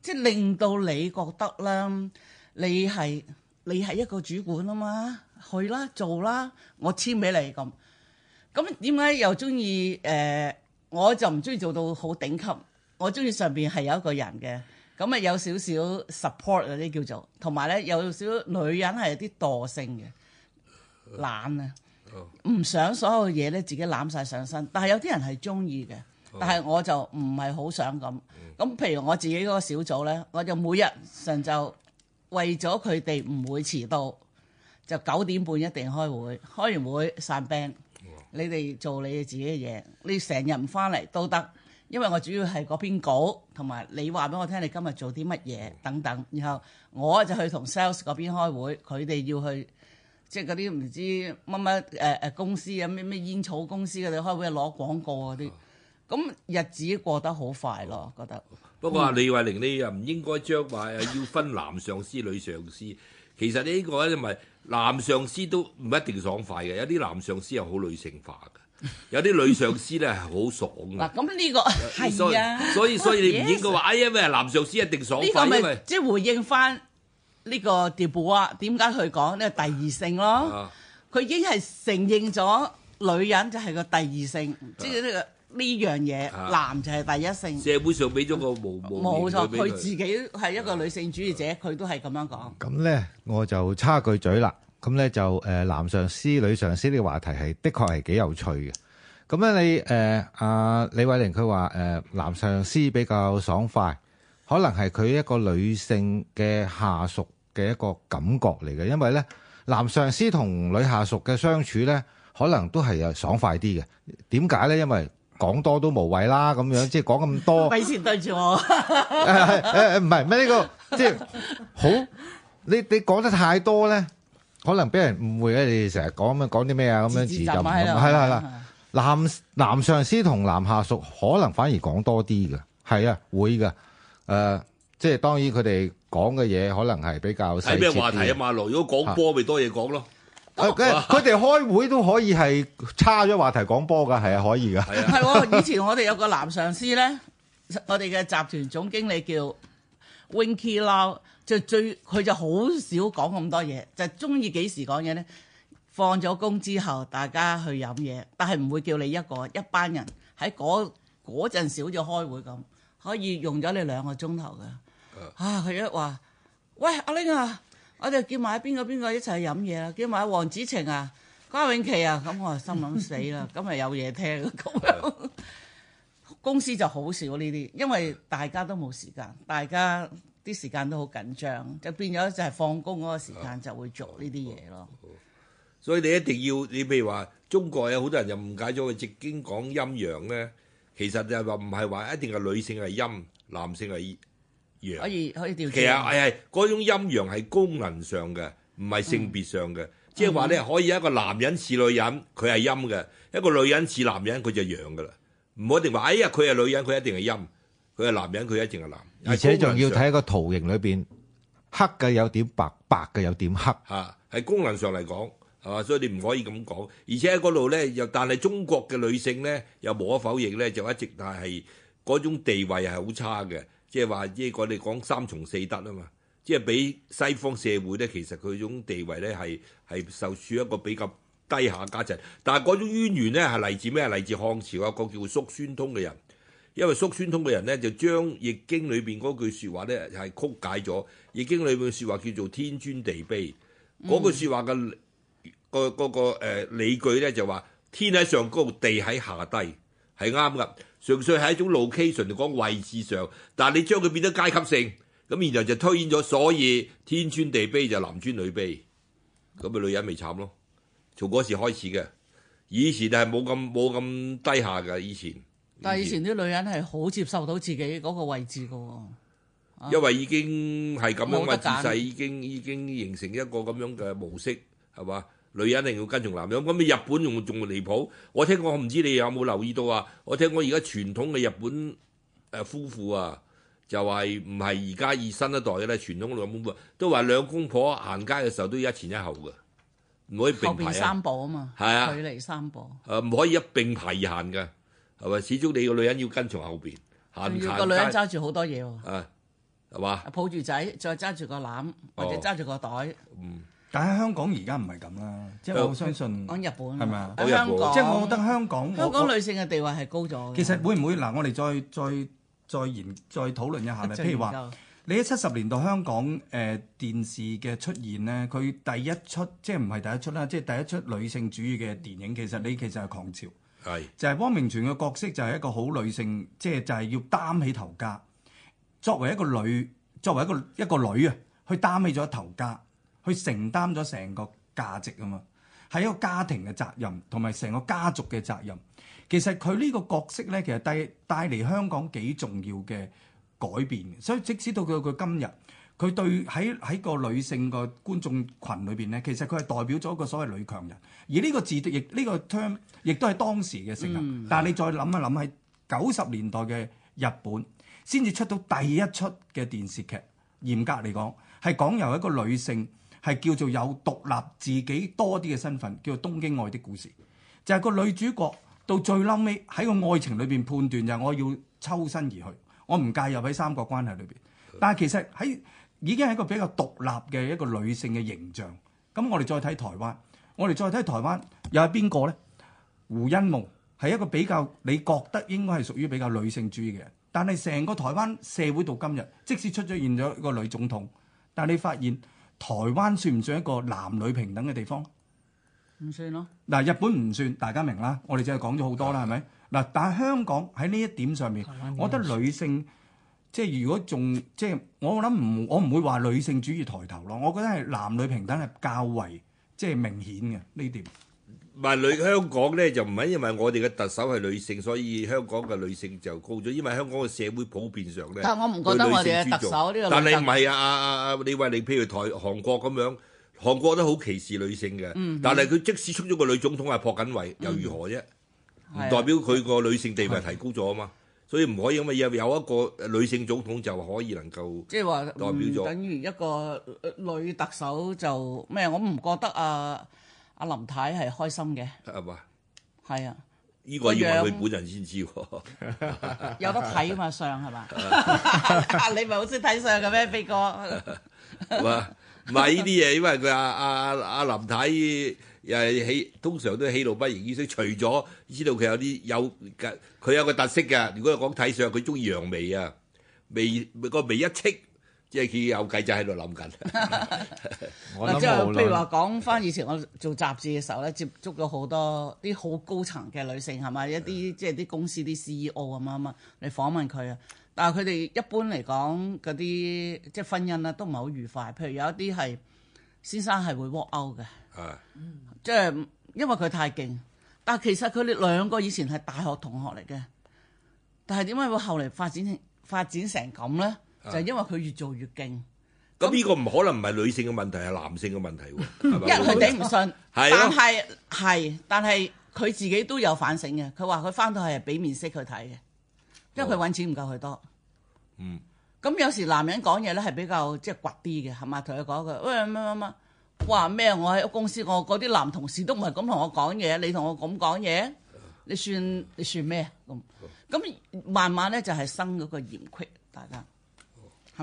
即係令到你覺得咧，你係。你係一個主管啊嘛，去啦做啦，我簽俾你咁。咁點解又鍾意？誒、呃，我就唔鍾意做到好頂級，我鍾意上邊係有一個人嘅。咁啊有少少 support 嗰啲叫做，同埋咧有少女人係有啲惰性嘅，懶啊，唔、oh. 想所有嘢咧自己攬晒上身。但係有啲人係鍾意嘅，但係我就唔係好想咁。咁、oh. 譬如我自己嗰個小組咧，我就每日上晝。為咗佢哋唔會遲到，就九點半一定開會。開完會散 band Wow.，你哋做你嘅自己嘅嘢。你成日唔翻嚟都得，因為我主要係嗰邊稿，同埋你話俾我聽，你今日做啲乜嘢等等。然後我就去同 sales 嗰邊開會，佢哋要去即係嗰啲唔知乜乜誒誒公司啊，咩咩煙草公司佢哋開會攞廣告嗰啲。Wow. 咁日子過得好快咯，覺得。不過阿李
韡玲，你又唔應該將話啊，要分男上司、女上司。其實呢個咧，咪男上司都唔一定爽快嘅，有啲男上司又好女性化嘅，有啲女上司咧係好爽嘅。
嗱，咁呢個係啊，所以所以你唔應該話哎呀
咩，男上司一定爽快，因為
即係回應翻呢個迪布亞點解佢講呢個第二性咯？佢已經係承認咗女人就係個第二性，即係呢個。呢樣嘢男就係第一性，
社會上俾咗個無無面佢俾佢，冇錯，佢自
己係一個女性主義者，佢都係咁
樣講。咁咧我就插句嘴啦。咁咧就誒男上司女上司呢個話題係的確係幾有趣嘅。咁咧你誒阿李韡玲佢話誒男上司比較爽快，可能係佢一個女性嘅下屬嘅一個感覺嚟嘅，因為咧男上司同女下屬嘅相處咧，可能都係又爽快啲嘅。點解咧？因為講多都無謂啦，咁樣即係講咁多。咪先對住我。誒誒唔係唔係呢個，即係好你你講得太多咧，可能俾人誤會嘅。你哋成日講咩講啲咩啊？咁樣自爭係係啦。男男上司同男下屬可能反而講多啲嘅，係啊會嘅。誒即係當然佢哋講嘅嘢可能係比較細節啲。係咩話題啊？嘛，
如果講波咪多嘢講咯。
佢哋開會都可以係差咗話題講波噶，係啊，可以噶。係
喎、啊，以前我哋有個男上司咧，我哋嘅集團總經理叫 Winky Lau，就最佢就好少講咁多嘢，就中意幾時講嘢咧？放咗工之後，大家去飲嘢，但係唔會叫你一個一班人，喺嗰嗰陣好似開會咁，可以用咗你兩個鐘頭
嘅。啊，
佢一話：喂，阿玲啊！我哋叫埋邊個邊個一齊去飲嘢啦！叫埋黃子晴啊、關永琪啊，咁我就心諗死啦！今日有嘢聽，咁樣公司就好少呢啲，因為大家都冇時間，大家啲時間都好緊張，就變咗就係放工嗰個時間就會做呢啲嘢咯。
所以你一定要，你譬如話中國有好多人就誤解咗佢直經講陰陽咧，其實就係話唔係話一定係女性係陰，男性係。可以可以調節。其實係係嗰種陰陽係功能上嘅，唔係性別上嘅。即係話咧，嗯、可以一個男人似女人，佢係陰嘅；一個女人似男人，佢就陽噶啦。唔好一定話，哎呀，佢係女人，佢一定係陰；佢係男人，佢一定係男。
而且仲要睇個圖形裏邊，黑嘅有點白，白嘅有點黑。嚇、
啊，係功能上嚟講，係、啊、嘛？所以你唔可以咁講。而且喺嗰度咧，又但係中國嘅女性咧，又無可否認咧，就一直但係嗰種地位係好差嘅。即係話，呢個你講三從四德啊嘛，即係比西方社會咧，其實佢種地位咧係係受處一個比較低下階層。但係嗰種淵源咧係嚟自咩？嚟自漢朝、啊、一個叫叔孫通嘅人。因為叔孫通嘅人咧就將《易經》裏邊嗰句説話咧係曲解咗，《易經》裏邊嘅説話叫做天尊地卑，
嗰、嗯、句説
話嘅、嗰個嗰、嗰個、嗰個呃、理據咧就話天喺上高、嗰個、地喺下低係啱嘅。純粹係一種 location 嚟講位置上，但係你將佢變得階級性，咁然後就推演咗，所以天尊地卑就男尊女卑，咁咪女人咪慘咯。從嗰時開始嘅，以前係冇咁冇咁低下㗎。以前，但係以前
啲女人係好接受到自己嗰個位置嘅喎，
因為已經係咁樣嘅姿勢，已經已經形成一個咁樣嘅模式，係嘛？女人一定要跟從男人，咁你日本仲仲會離譜。我聽講，唔知你有冇留意到啊？我聽講而家傳統嘅日本誒夫婦啊，就係唔係而家以新一代咧？傳統嘅日本夫婦都話兩公婆行街嘅時候都要一前一後嘅，唔可以並排啊！後
邊三步啊嘛，距離、啊、三步。誒、啊，
唔可以一並排而行嘅，係咪？始終你個女人要跟從後邊行。
要個女人揸住好多嘢喎。
啊，係嘛、
啊？抱住仔，再揸住個籃，或者揸
住個袋。哦、嗯。但喺香港而家唔係咁啦，即係我相信。講日本係咪啊？吧香港，即係我覺得香港，香港女
性嘅地位係高咗。其實
會唔會嗱？我哋再再再研再討論一下咧。譬如話，你喺七十年代香港誒、呃、電視嘅出現咧，佢第一出即係唔係第一出啦？即係第一出女性主義嘅電影。其實你其實係狂潮，係是就係汪明荃嘅角色就係一個好女性，即係就係、是、要擔起頭家。作為一個女，作為一個一個女啊，去擔起咗頭家。佢承擔咗成個價值啊嘛，係一個家庭嘅責任同埋成個家族嘅責任。其實佢呢個角色咧，其實帶帶嚟香港幾重要嘅改變。所以即使到佢佢今日，佢對喺喺個女性個觀眾群裏邊咧，其實佢係代表咗一個所謂女強人。而呢個字亦呢、呢個 term 亦都係當時嘅成立。嗯、但係你再諗一諗，喺九十年代嘅日本先至出到第一出嘅電視劇。嚴格嚟講係講由一個女性。係叫做有獨立自己多啲嘅身份，叫做《東京愛的故事》，就係個女主角到最嬲尾喺個愛情裏邊判斷就係我要抽身而去，我唔介入喺三角關係裏邊。但係其實喺已經係一個比較獨立嘅一個女性嘅形象。咁我哋再睇台灣，我哋再睇台灣又係邊個呢？胡因夢係一個比較你覺得應該係屬於比較女性主義嘅人，但係成個台灣社會到今日，即使出咗現咗個女總統，但係你發現。台灣算唔算一個男女平等嘅地方？
唔算咯。
嗱，日本唔算，大家明啦。我哋就係講咗好多啦，係咪是？嗱，但係香港喺呢一點上面，我覺得女性即係如果仲即係我諗唔，我唔會話女性主義抬頭咯。我覺得係男女平等係較為即係明顯嘅呢點。
唔係女香港咧就唔係因為我哋嘅特首係女性，所以香港嘅女性就高咗。因為香港嘅社會普遍上咧，但係我唔覺得我哋嘅特首呢個，但係唔係啊啊啊！你話你譬如台韓國咁樣，韓國都好歧視女性嘅，但係佢即使出咗個女總統係朴槿惠，又如何啫？唔代表佢個女性地位提高咗啊嘛，所以唔可以咁嘅嘢。有一個女性總統就可以能夠，即係話代表咗等於
一個女特首就咩？我唔覺得啊。阿林太係開心嘅？係 嘛？係啊，
依個要佢本人先知喎，有得睇嘛相係嘛？
你咪好識睇相嘅咩，飛哥？係
嘛？唔係依啲嘢，因為佢阿阿阿林太又係起，通常都喜怒不形於色。除咗知道佢有啲有佢有個特色㗎。如果講睇相，佢中意揚眉啊，眉個眉，眉一戚。即係佢有計，就喺度諗緊。即係譬如話
講翻以前我做雜誌嘅時候咧，接觸咗好多啲好高層嘅女性係咪？一啲即係啲公司啲 CEO 咁啊嘛，你訪問佢啊。的的但係佢哋一般嚟講嗰啲即係婚姻咧都唔係好愉快。譬如有一啲係先生係會鍋勾嘅，即係因為佢太勁。但係其實佢哋兩個以前係大學同學嚟嘅，但係點解會後嚟發展發展成咁咧？就係因為佢越做越勁，
咁呢個唔可能唔係女性嘅問題，係男性嘅問題。
因為佢頂唔順，係啊，但係係，但係佢自己都有反省嘅。佢話佢翻到係俾面色佢睇嘅，因為佢揾錢唔夠佢多。嗯，咁有時男人講嘢咧係比較即係倔啲嘅，係嘛？同佢講佢喂乜乜乜話咩？我喺公司，我嗰啲男同事都唔係咁同我講嘢，你同我咁講嘢，你算你算咩咁？咁慢慢咧就係生嗰個嫌隙，大家。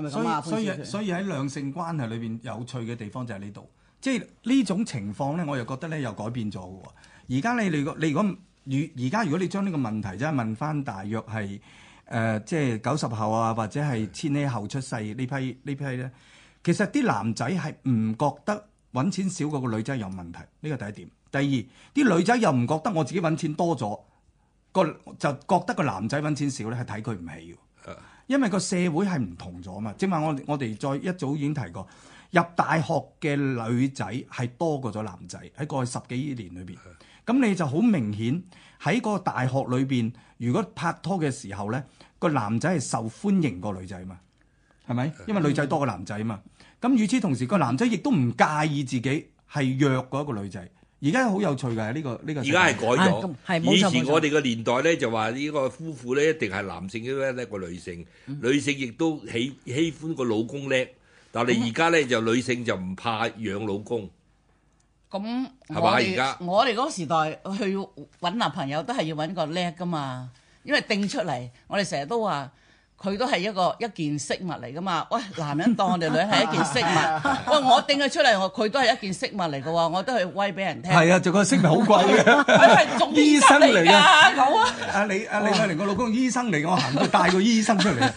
係咪？所以所以所以喺兩性關係裏邊有趣嘅地方就係呢度，即係呢種情況咧，我又覺得咧又改變咗嘅喎。而家咧你個你如果而而家如果你將呢個問題真係問翻大約係誒即係九十後啊或者係千禧後出世呢批、嗯、批呢批咧，其實啲男仔係唔覺得揾錢少嗰個女仔有問題，呢、呢個第一點。第二啲女仔又唔覺得我自己揾錢多咗，個就覺得個男仔揾錢少咧係睇佢唔起嘅。嗯因為個社會係唔同咗嘛，正話我我哋再一早已經提過，入大學嘅女仔係多過咗男仔喺過去十幾年裏邊，咁你就好明顯喺個大學裏邊，如果拍拖嘅時候呢，個男仔係受歡迎過女仔嘛，係咪吧？因為女仔多過男仔嘛，咁與此同時個男仔亦都唔介意自己係弱過一個女仔。而家好有趣嘅呢個呢個，而家係改咗。係、啊、冇錯、以前我哋
個年代咧就話呢個夫婦咧一定係男性叻一個女性，嗯、女性亦都喜喜歡個老公叻。但係你而家咧就女性就唔怕養老公。
咁係嘛？而家我哋嗰個時代去搵男朋友都係要搵個叻噶嘛，因為定出嚟。我哋成日都話。佢都係一個一件飾物嚟噶嘛？喂，男人當我哋女係一件飾物， 喂，我頂佢出嚟，我佢都係一件飾物嚟嘅喎，我都去威俾人聽。
係啊，就個飾物好貴嘅。 醫生嚟嘅，好啊。 阿李阿李韡玲個老公醫生嚟，我行到帶個醫生出嚟，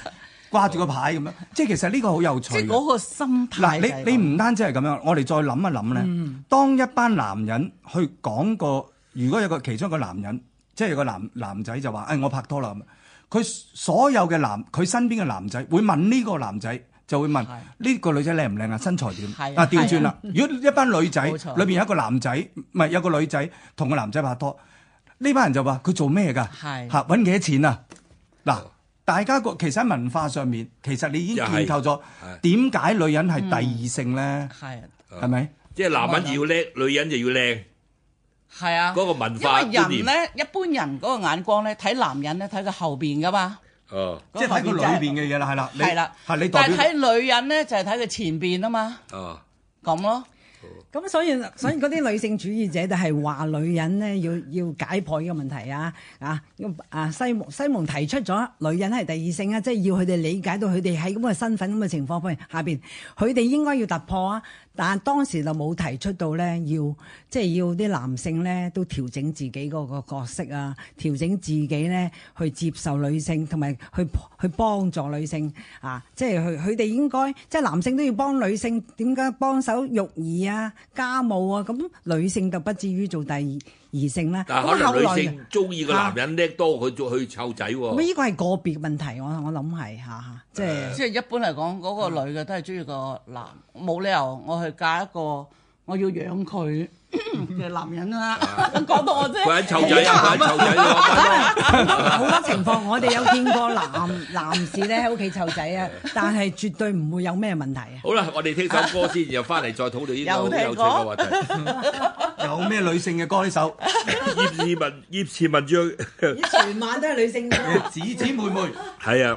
掛住個牌咁樣。即係其實呢個好有趣。即嗰個心態、這個。嗱，你你唔單止係咁樣，我哋再諗一諗咧。嗯、當一班男人去講個，如果有個其中一個男人，即係有個男男仔就話：，誒、哎，我拍拖啦。佢所有嘅男，佢身邊嘅男仔會問呢個男仔，就會問呢個女仔靚唔靚啊，身材點？啊，調轉啦！如果一班女仔裏邊有一個男仔，唔係有個女仔同個男仔拍拖，呢班人就話佢做咩㗎？係吓揾幾多錢啊？嗱，大家個其實喺文化上面，其實你已經建構咗點解女人係第二性咧？
係
係咪？即係男人要叻，女人就要靚。係啊，嗰個文化觀念
因為人咧。一般人嗰個眼光咧，睇男人咧睇佢後邊噶嘛。
哦，就是、即係睇佢裏邊嘅嘢啦，係啦、嗯。係啦、啊，係你。但
係睇女人咧就係睇佢前邊啊嘛。哦，咁咯。咁好所以所以嗰啲女性主義者就係話女人咧要要解破呢個問題啊啊！啊西蒙西蒙提出咗女人係第二性啊，即、就、係、是、要佢哋理解到佢哋喺咁嘅身份咁嘅情況下邊，佢哋應該要突破啊。但當時就冇提出到咧，即要即係要啲男性咧都調整自己嗰個角色啊，調整自己咧去接受女性同埋去去幫助女性啊，即係佢佢哋應該即係男性都要幫女性，點解幫手育兒啊、家務啊，咁女性就不至於做第二。異性咧，但可能女性
中意個男人叻多，佢就、啊、去湊仔喎。咁呢個係
個別問題，我我諗
係嚇嚇，啊就是呃、即係即係一般嚟講，嗰、嗰個女嘅都係中意個男，冇、嗯、理由我去嫁一個。我要養佢嘅男人啦，講到我真係湊
仔啊，湊仔，好多
情況，我哋有見過男男士咧，喺屋企湊仔啊，但係絕對唔會有咩問題
啊。好啦，我哋聽首歌先，然後翻嚟再討論呢啲女性嘅話題。有咩女性嘅歌手？葉士文、葉倩文，將
全晚都係女性嘅歌，
姊姊妹妹係啊。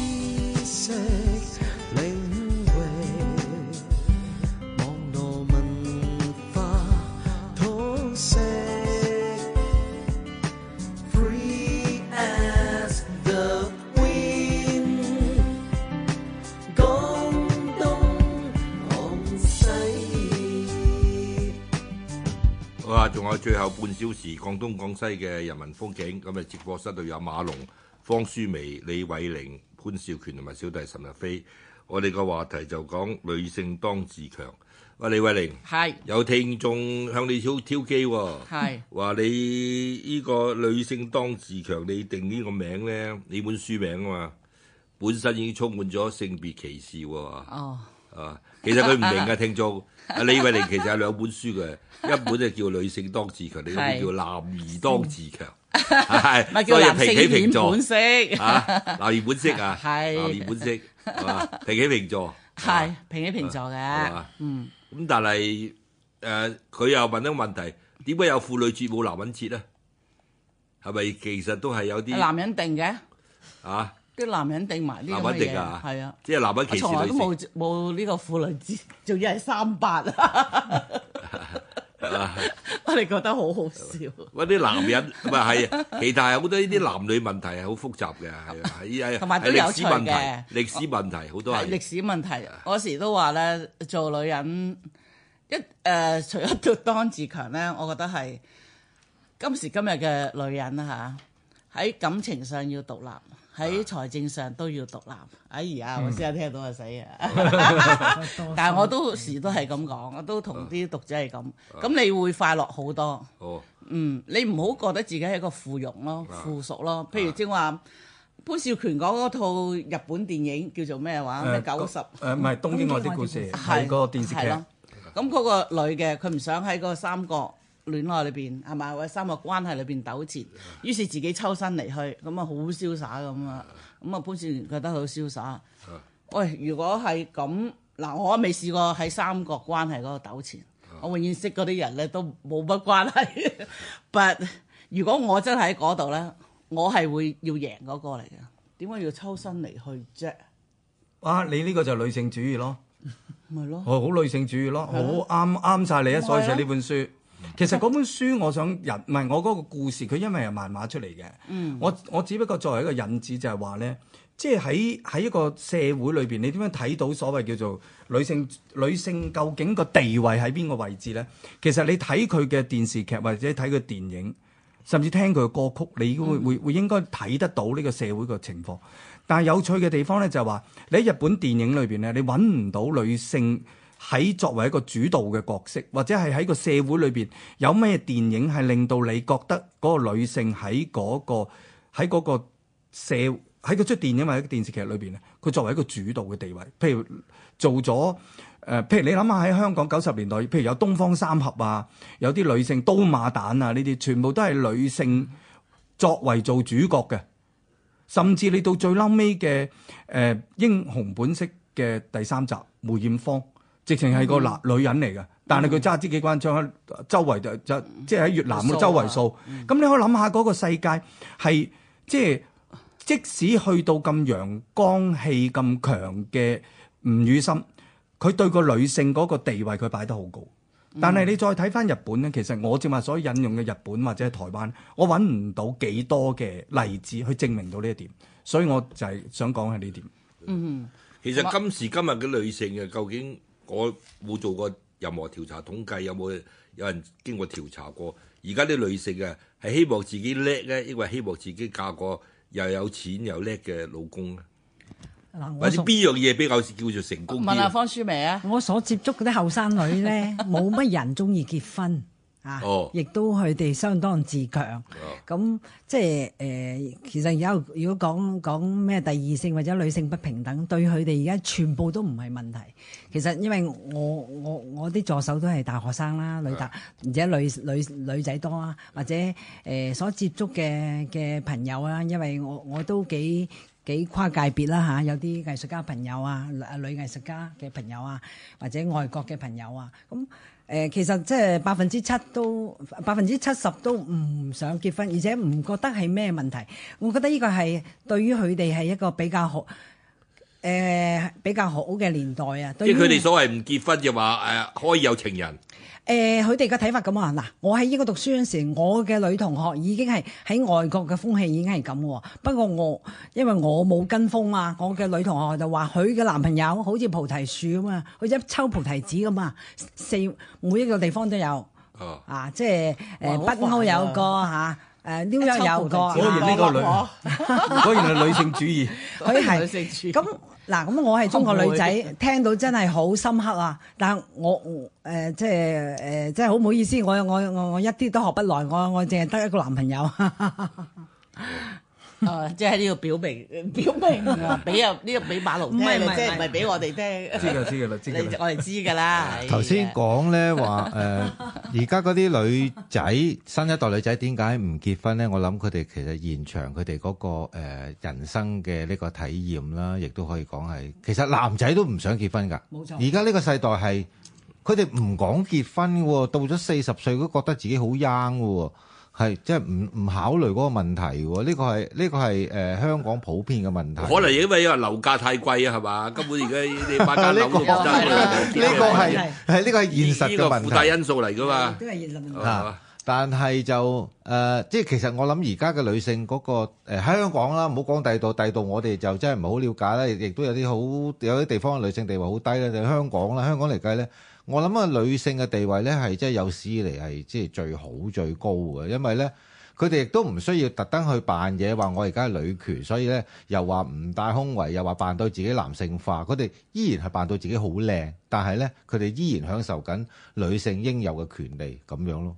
仲有最後半小時，廣東廣西嘅人民風景，咁啊，直播室度有馬龍、方舒眉、李韡玲、潘少權同埋小弟岑逸飛。我哋個話題就講女性當自強。喂，李韡玲，係是有聽眾向你挑挑機喎、哦，係話是你呢個女性當自強，你定呢個名咧，你本書名啊嘛，本身已經充滿咗性別歧視喎、哦。哦啊，啊，其實佢唔明嘅聽眾。李韡玲其實有兩本書嘅，一本就叫《女性當自強》，另一本叫《男兒當自強》是，係 咪叫 以平起平坐《男兒本色？》 啊，男兒本色啊， 男兒本色， 平起平坐，
係平起平坐嘅，吧嗯。
咁、嗯、但係誒，佢、呃、又問咗問題，點解有婦女節冇男人節咧？係咪其實都係有啲男人定嘅啊？
啲男人定埋啲咁嘅嘢，係啊，即係男人其實。我從來都冇冇呢個婦女節，仲要係三八啊！我哋覺得好好笑。
嗰啲男人咪係啊，其實係好多呢啲男女問題係好複雜嘅，係啊，同埋都有歷史問題。歷史問題好多啊！歷
史問題我時都話咧，做女人一誒，除咗叫當自強咧，我覺得係今時今日嘅女人嚇喺感情上要獨立。喺財政上都要獨立。哎呀，我先、嗯、聽到啊死啊！ 但係我都時都係咁講，我都同啲讀者係咁。咁、啊、你會快樂好多。哦、啊，嗯，你唔好覺得自己係一個附庸咯、啊、附屬咯。譬如正話、啊、潘少權講嗰套日本電影叫做咩話？九十誒唔係《東京愛的故事》，係個電視劇。咁嗰、嗰個女嘅，佢唔想喺嗰個三角。戀愛裏邊係咪？或者三角關係裏邊糾纏，於是自己抽身離去，咁啊好瀟灑咁啊，咁啊潘少權覺得好瀟灑。喂，如果係咁，嗱，我未試過喺三角關係嗰度糾纏，我永遠認識嗰啲人咧都冇乜關係。 But 如果我真係喺嗰度咧，我係會要贏嗰個嚟嘅。點解要抽身離去啫？
啊，你呢個就女性主義咯，係咯，好女性主義咯，的好啱啱晒你啊！ 了所以寫呢本書。 其實嗰本書我想引，唔係我嗰個故事，佢因為係漫畫出嚟嘅。嗯。我我只不過作為一個引子，就係話咧，即係喺喺一個社會裏邊，你點樣睇到所謂叫做女性女性究竟個地位喺邊個位置咧？其實你睇佢嘅電視劇或者睇佢電影，甚至聽佢嘅歌曲，你會會、嗯、會應該睇得到呢個社會嘅情況。但係有趣嘅地方咧，就係話你喺日本電影裏邊咧，你揾唔到女性。喺作為一個主導嘅角色，或者係喺個社會裏邊，有咩電影係令到你覺得嗰個女性喺嗰、嗰個喺嗰社喺出電影或者電視劇裏邊咧，佢作為一個主導嘅地位。譬如做咗誒、呃，譬如你諗下喺香港九十年代，譬如有《東方三俠》啊，有啲女性刀馬旦啊，呢啲全部都係女性作為做主角嘅。甚至你到最撈尾嘅誒，英雄本色嘅第三集梅艷芳。直情係個男女人嚟嘅，嗯、但係佢揸支機關槍喺、嗯、周圍就即係喺越南嘅周圍掃。咁、嗯、你可以諗下嗰個世界係即係，即使去到咁陽剛氣咁強嘅吳宇森，佢對個女性嗰個地位佢擺得好高。但係你再睇翻日本咧，嗯、其實我正話所引用嘅日本或者係台灣，我揾唔到幾多嘅例子去證明到呢一點。所以我就係想講係呢點。
嗯，其實今
時今日嘅女性嘅究竟？我冇做過任何調查統計，有冇有，有人經過調查過？而家啲女性啊，係希望自己叻咧，抑或希望自己嫁個又有錢又叻嘅老公
咧？嗱、啊，我或者邊
樣嘢比較叫做成功？問下方
舒眉啊？我所接觸嗰啲後生女咧，冇乜 人鍾意結婚。啊！亦都佢哋相當自強，咁 Yeah.、嗯、即係誒、呃，其實而家如果講講咩第二性或者女性不平等，對佢哋而家全部都唔係問題。其實因為我我我啲助手都係大學生啦，女大而且女女女仔多啊，或者誒、呃、所接觸嘅嘅朋友啊，因為我我都幾幾跨界別啦嚇、啊，有啲藝術家朋友啊，女藝術家嘅朋友啊，或者外國嘅朋友啊，咁、嗯。誒其實即係百分之七都百分之七十都唔想結婚，而且唔覺得係咩問題，我覺得呢個係對於佢哋係一個比較好誒、呃、比較好嘅年代啊。即係佢哋所謂
唔結婚就話誒可以有情人。
誒，佢哋嘅睇法咁啊！嗱，我喺英國讀書嗰陣時，我嘅女同學已經係喺外國嘅風氣已經係咁。不過我因為我冇跟風啊。我嘅女同學就話佢嘅男朋友好似菩提樹咁啊，佢一抽菩提子咁啊，四每一個地方都有。啊，啊，即係誒，北歐哇、呃、有個吓。啊誒呢個有個，哎啊、果然呢個女，啊、果然係女
性主義。佢係
咁。嗱，咁我係中國女仔，聽到真係好深刻啊！但係我誒即係誒，即係好唔好意思，我我我我一啲都學不來，我我淨係得一個男朋友。
哈哈。誒、哦，即係呢個表明，表明啊，俾啊呢個俾馬龍聽，即係唔係俾我哋聽？ 知嘅知嘅啦， 我哋知㗎啦。
頭先講咧話誒，而家嗰啲女仔， 新一代女仔點解唔結婚咧？我諗佢哋其實延長佢哋嗰個、呃、人生嘅呢個體驗啦，亦都可以講係其實男仔都唔想結婚㗎。冇錯，而家呢個世代係佢哋唔講結婚喎，到咗四十歲都覺得自己好 young 喎。係，即係唔唔考慮嗰個問題，呢、這個係呢、這個係誒、呃、香港普遍嘅問題。
可能亦都因為樓價太貴啊，係嘛？根本而家啲八間樓呢個係
係呢個係是、 這個、現實個附帶因
素嚟噶嘛？都係現實問題。
但係就誒、呃，即係其實我諗而家嘅女性嗰、那個誒香港啦，唔好講第二度，第二度我哋就真係唔好了解啦。亦都有啲好有啲地方嘅女性地位好低嘅，就是、香港啦，香港嚟計咧。我諗啊，女性嘅地位咧，係即係有史以嚟，係即係最好最高嘅。因為咧佢哋亦都唔需要特登去扮嘢，話我而家係女權，所以咧又話唔戴胸圍，又話扮到自己男性化，佢哋依然係扮到自己好靚，但係咧佢哋依然享受緊女性應有嘅權利咁樣咯。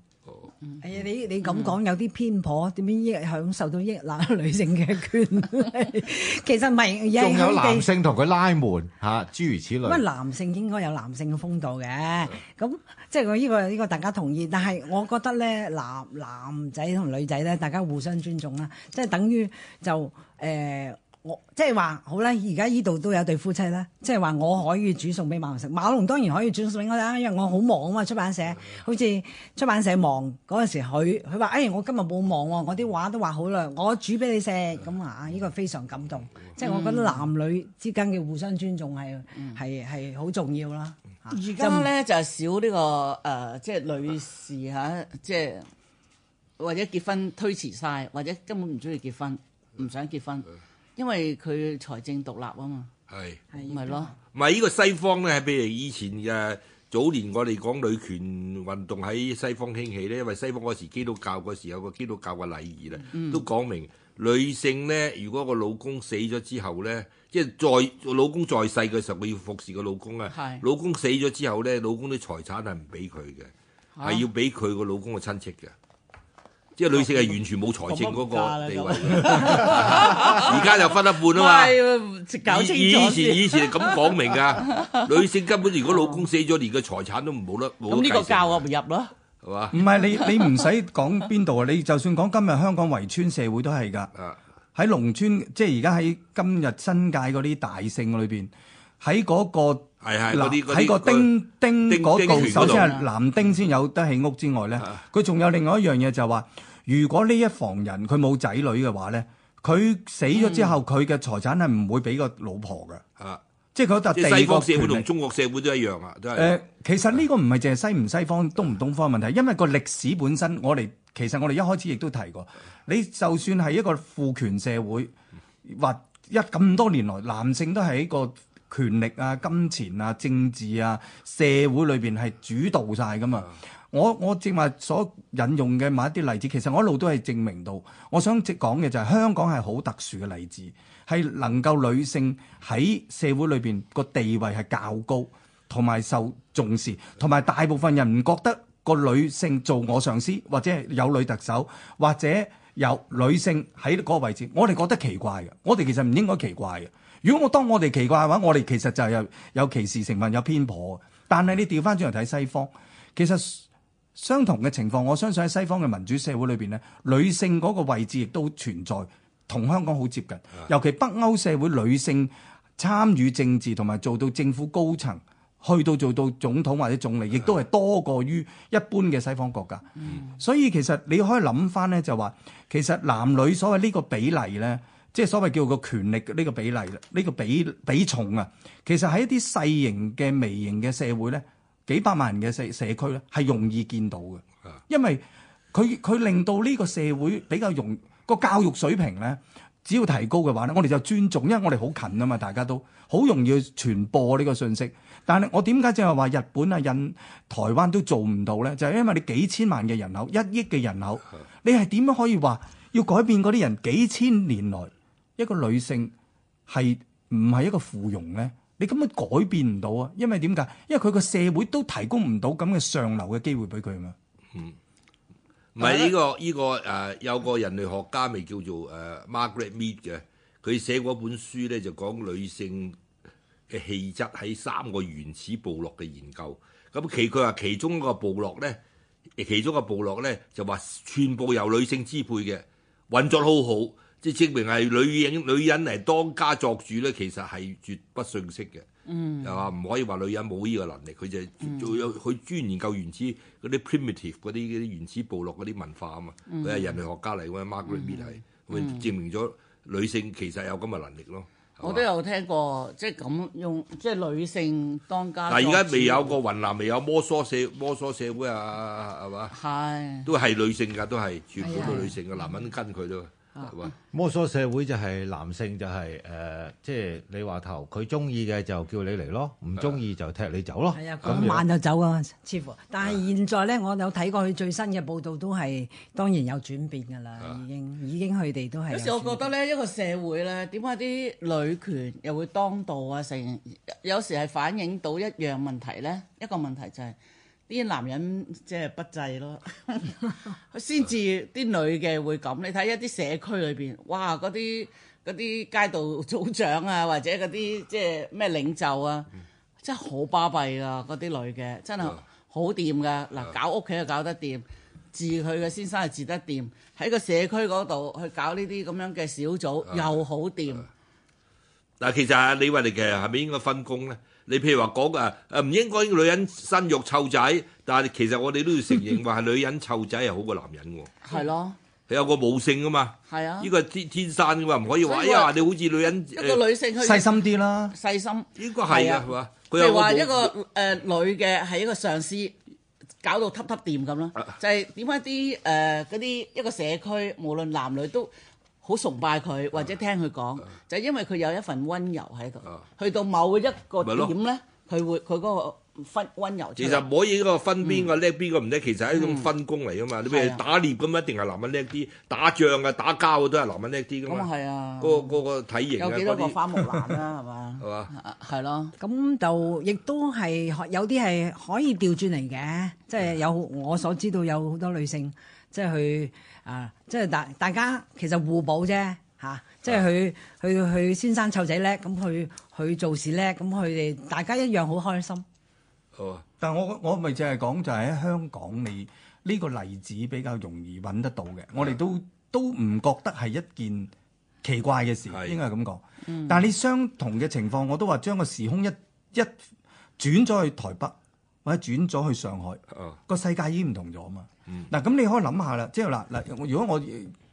係啊，你你咁講有啲偏頗，點樣益享受到益男女性嘅權利？其實唔係，仲有男
性同佢拉門吓，諸如此類。咁男
性應該有男性嘅風度嘅？咁即係我呢個呢個大家同意，但係我覺得咧男男仔同女仔咧，大家互相尊重啦，即係等於就誒。我即係話好啦，而家依度都有對夫妻啦。即係話我可以煮餸俾馬龍食，馬龍當然可以煮餸俾我啦，因為我好忙啊嘛，出版社。好似出版社忙嗰陣時，佢佢話：哎，我今日冇忙喎，我啲畫都畫好啦，我煮俾你食咁啊！呢個非常感動，即係我覺得男女之間嘅互相尊重係係係好重要啦。而家咧就少呢
個誒，即係女士嚇，即係或者結婚推遲晒，或者根本唔中意結婚，唔想結婚。因為佢財政獨立啊嘛，
係咪咯？唔係呢個西方咧，譬如以前嘅早年，我哋講女權運動喺西方興起咧，因為西方嗰時基督教嗰時有個基督教嘅禮儀咧，都講明、嗯、女性咧，如果個老公死咗之後咧，即係在老公在世嘅時候，佢要服侍個老公啊。係是老公死咗之後咧，老公啲財產係唔俾佢嘅，係要俾佢個老公嘅親戚嘅。即係女性係完全冇財政嗰個地位，而家就分一半啊嘛。
以前以前咁講明噶， 女
性根本如果老公死咗， 連個財產都冇得
冇。呢 個教
我唔入咯，係嘛 吧？唔係你你唔
使講邊度啊？你就算講今日香港圍村社會都係噶，喺 農村即係而家喺今日新界嗰啲大姓裏邊，喺嗰、那個係係嗰啲，喺個丁丁嗰度。丁那個、首先係男丁先有得起屋之外咧，佢仲、啊、有另外一樣嘢就係話，如果呢一房人佢冇仔女嘅話咧，佢死咗之後，佢嘅、嗯、財產係唔會俾個老婆嘅，啊、即係佢覺得地國。個社會同
中國社會都一樣啊，都係誒、啊呃。
其實呢個唔係淨係西唔西方、東唔東方問題，因為個歷史本身，我哋其實我哋一開始亦都提過，你就算係一個父權社會，或一咁多年來男性都係一個。權力啊、金錢啊、政治啊、社會裏邊係主導晒㗎嘛？我我正話所引用嘅某一啲例子，其實我一路都係證明到。我想直講嘅就係香港係好特殊嘅例子，係能夠女性喺社會裏邊個地位係較高，同埋受重視，同埋大部分人唔覺得個女性做我上司或者係有女特首或者有女性喺嗰個位置，我哋覺得奇怪嘅。我哋其實唔應該奇怪嘅。如果我當我哋奇怪嘅話，我哋其實就係有有歧視成分、有偏頗。但係你調翻轉頭睇西方，其實相同嘅情況，我相信喺西方嘅民主社會裏邊咧，女性嗰個位置亦都存在，同香港好接近。尤其北歐社會女性參與政治同埋做到政府高層，去到做到總統或者總理，亦都係多過於一般嘅西方國家。所以其實你可以諗翻咧，就話其實男女所謂呢個比例咧。即係所謂叫做個權力呢個比例啦，呢個比比重啊，其實喺一啲細型嘅微型嘅社會咧，幾百萬人嘅社社區咧，係容易見到嘅。因為佢佢令到呢個社會比較容個教育水平咧，只要提高嘅話咧，我哋就尊重，因為我哋好近啊嘛，大家都好容易去傳播呢個信息。但係我點解即係話日本啊、印、台灣都做唔到咧？就係因為你幾千萬嘅人口、一億嘅人口，你係點樣可以話要改變嗰啲人幾千年來？一個女性係唔係一個富翁咧？你根本改變唔到啊！因為點解？因為佢個社會都提供唔到咁嘅上流嘅機會俾佢啊嘛！嗯，唔係呢
個呢、這個誒、呃、有個人類學家咪叫做誒、呃、Margaret Mead 嘅，佢寫過一本書咧，就講女性嘅氣質喺三個原始部落嘅研究。咁其佢話其中一個部落咧，其中一個部落咧就話全部由女性支配嘅，運作好好。即係證明係女人女人嚟當家作主咧，其實係絕不遜色嘅。又話唔可以話女人冇呢個能力，佢就做有佢專研究原始嗰啲 primitive 嗰啲啲原始部落嗰啲文化啊嘛。佢係人類學家嚟嘅，Margaret Mead 係佢證明咗女性其實有咁嘅能力咯。
我都有聽過，即係咁用，即係女性當家。嗱而家未有個
雲南未有摩梭社摩梭社會啊，係嘛？係都係女性㗎，都係全部都女性㗎，男人
跟佢都。摸、啊、索社會就係男性就係、是、誒、呃，即係你話頭，佢中意嘅就叫你嚟咯，唔中意就踢你走咯。咁慢的樣就走啊，似乎。
但係現在咧，我有睇過佢最新嘅報道，都係當然有轉變㗎啦的。已經已經佢哋都係有，有時，我覺
得咧一個社會咧點解啲女權又會當道啊？成有時係反映到一樣問題咧，一個問題就係、是。啲男人即係不濟咯，先至啲女嘅會咁。你睇一啲社區裏邊，哇，嗰啲嗰啲街道組長啊，或者嗰啲即係咩領袖啊，嗯、真係好巴閉㗎。嗰啲女嘅真係好掂㗎。嗱、嗯，搞屋企係搞得掂，嗯、治佢嘅先生係治得掂，喺個社區嗰度去搞呢啲咁樣嘅小組、嗯、又好掂。
嗱、嗯，嗯、其實啊，李韡玲你嘅係咪應該分工咧？你譬如話講啊，唔應該女人生育湊仔，但係其實我哋都要承認話係女人湊仔係好過男人㗎，係咯，佢有個母性噶嘛。係啊，呢個係天天生噶嘛，唔可以話，哎呀你好似女人，一個女
性去細心啲啦，
細心，呢個係啊，係嘛，佢有個母，即係話一個誒女嘅係一個上司，搞到耷耷掂咁啦，就係點解啲誒嗰啲一個社區，無論男女都。好崇拜佢或者聽佢講，啊、就因為佢有一份溫柔喺度。啊、去到某一個點咧，佢是會佢嗰個分溫柔。其實唔可
以個分邊個叻邊個唔叻，其實係一種分工嚟噶嘛。你譬如打獵咁一定係男人叻啲；打仗啊、打交都係男人叻啲噶咁啊係啊。個個個體型有幾多個花木蘭啦？係嘛？
係嘛？係咯。咁就亦都係有啲係可以調轉嚟嘅，即係有我所知道有好多女性即係去。啊，即係大大家其實互補啫嚇，啊啊、即係佢佢佢先生湊仔叻，咁佢佢做事叻，咁佢哋大家一樣好開心。
好，但係我我咪淨係講就喺香港，你呢個例子比較容易揾得到嘅，的我哋都都唔覺得係一件奇怪嘅事，的應該係咁講。嗯、但係你相同嘅情況，我都話將個時空一一轉咗去台北。或者轉咗去上海個、oh. 世界已經唔同咗、mm. 啊嘛嗱，咁你可以諗下啦，即係嗱嗱。如果我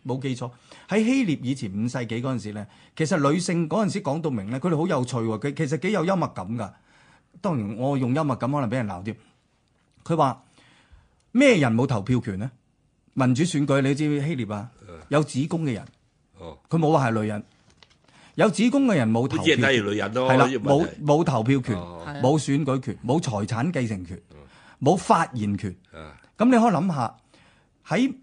冇記錯喺希臘以前五世紀嗰陣時咧，其實女性嗰陣時講到明咧，佢哋好有趣喎。佢其實幾有幽默感噶。當然我用幽默感可能俾人鬧啲。佢話咩人冇投票權咧？民主選舉，你知希臘啊，有子宮嘅人，佢冇話係女人。有子宮嘅人冇投票，例如女人咯。係啦，冇冇投票權，冇選舉權，冇、嗯、財產繼承權，冇、嗯、發言權。咁、嗯、你可以諗下喺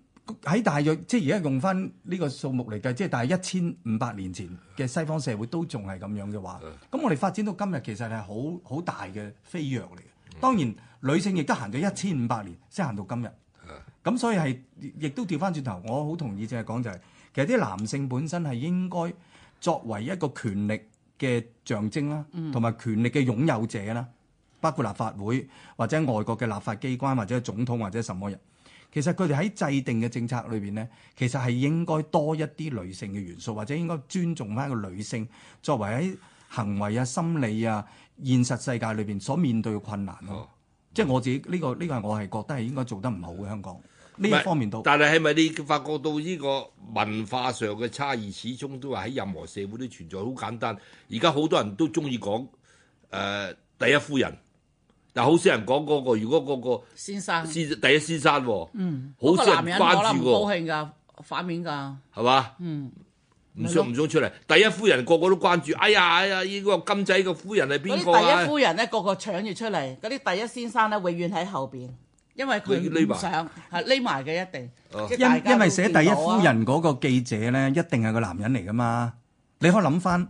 喺大約即係而家用翻呢個數目嚟計，即係大約一千五百年前嘅西方社會都仲係咁樣嘅話，咁、嗯、我哋發展到今日其實係好好大嘅飛躍嚟。當然女性亦都行咗一千五百年先行到今日。咁、嗯嗯、所以係亦都調翻轉頭，我好同意，淨係講就係、是、其實啲男性本身係應該。作為一個權力嘅象徵啦，同埋權力嘅擁有者啦，嗯、包括立法會或者外國嘅立法機關，或者總統或者什麼人，其實佢哋喺制定嘅政策裏邊咧，其實係應該多一啲女性嘅元素，或者應該尊重返一個女性作為喺行為啊、心理啊、現實世界裏邊所面對嘅困難咯。即係、哦、我自己呢、呢個呢、呢個係我係覺得係應該做得唔好嘅香港。呢方
面都，但係係咪你發覺到呢個文化上嘅差異，始終都係喺任何社會都存在，好簡單。而家好多人都中意講誒第一夫人，但好少人講嗰個。如果嗰個先生先、第一先生，嗯，
好少人關注㗎。唔高興㗎，反面㗎，係
嘛？嗯，唔想唔想出嚟。第一夫人個個個都關注，哎呀哎呀，呢個金仔嘅夫人係邊個？嗰啲第一夫
人咧，個個搶住出嚟，嗰啲第一先生咧，永遠喺後邊。因為佢唔想係匿埋嘅，一定，因
因為寫第一夫人嗰個記者咧，一定係個男人嚟噶嘛。你可以諗翻，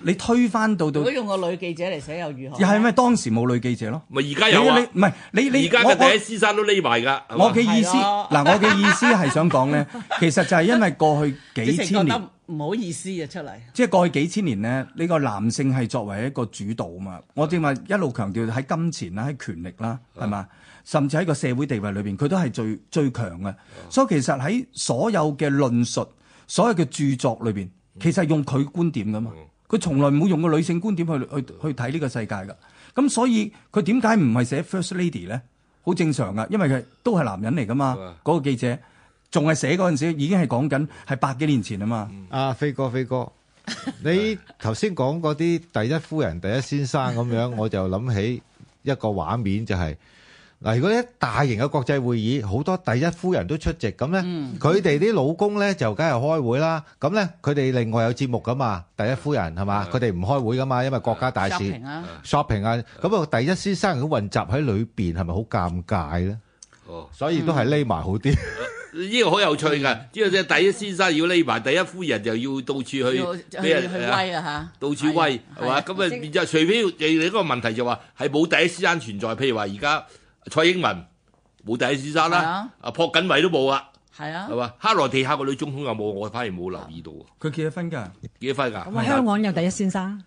你推翻到到如果
用個女記者嚟寫又如何？又
係因為當時冇女記者咯，咪
而家有啊？唔係
你你，而家嘅第一
先生都匿埋噶。我嘅意
思嗱，我嘅意思係想講咧，其實就係因為過去幾千年
唔好意思嘅出嚟，
即係過去幾千年咧，呢個男性係作為一個主導啊嘛。我哋正話一路強調喺金錢啦、喺權力啦，係嘛？甚至喺個社會地位裏邊，佢都係最最強嘅。嗯、所以其實喺所有嘅論述、所有嘅著作裏邊，其實係用佢觀點噶嘛。佢、嗯、從來唔會用個女性觀點去去去睇呢個世界㗎。咁所以佢點解唔係寫 First Lady 咧？好正常㗎，因為佢都係男人嚟㗎嘛。嗰、嗯、個記者仲係寫嗰陣時，已經係講緊係百幾年前啊嘛。阿、嗯啊、飛哥，飛哥， 你頭先講嗰啲第一夫
人、第一先生咁樣，我就諗起一個畫面就係、是。嗱，如果啲大型嘅國際會議，好多第一夫人都出席咁咧，佢哋啲老公咧就梗係開會啦。咁咧佢哋另外有節目㗎嘛？第一夫人係嘛？佢哋唔開會㗎嘛？因為國家大事。shopping 啊。shopping 啊。咁啊，第一先生如果混雜喺裏邊，係咪好尷尬咧？哦，所以都係匿埋好啲。
呢個好有趣㗎，呢個即係第一先生要匿埋，第一夫人就要到處去俾人威啊吓，
到處威係嘛？咁啊，就
除非你嗰個問題就話係冇第一先生存在，譬如話而家。蔡英文冇第一先生啦，啊？朴槿惠都冇啊，係嘛？哈羅地亞個女總統有冇？我反而冇留意到。佢結咗婚噶，結咗婚噶。咁啊，香
港有第一先
生。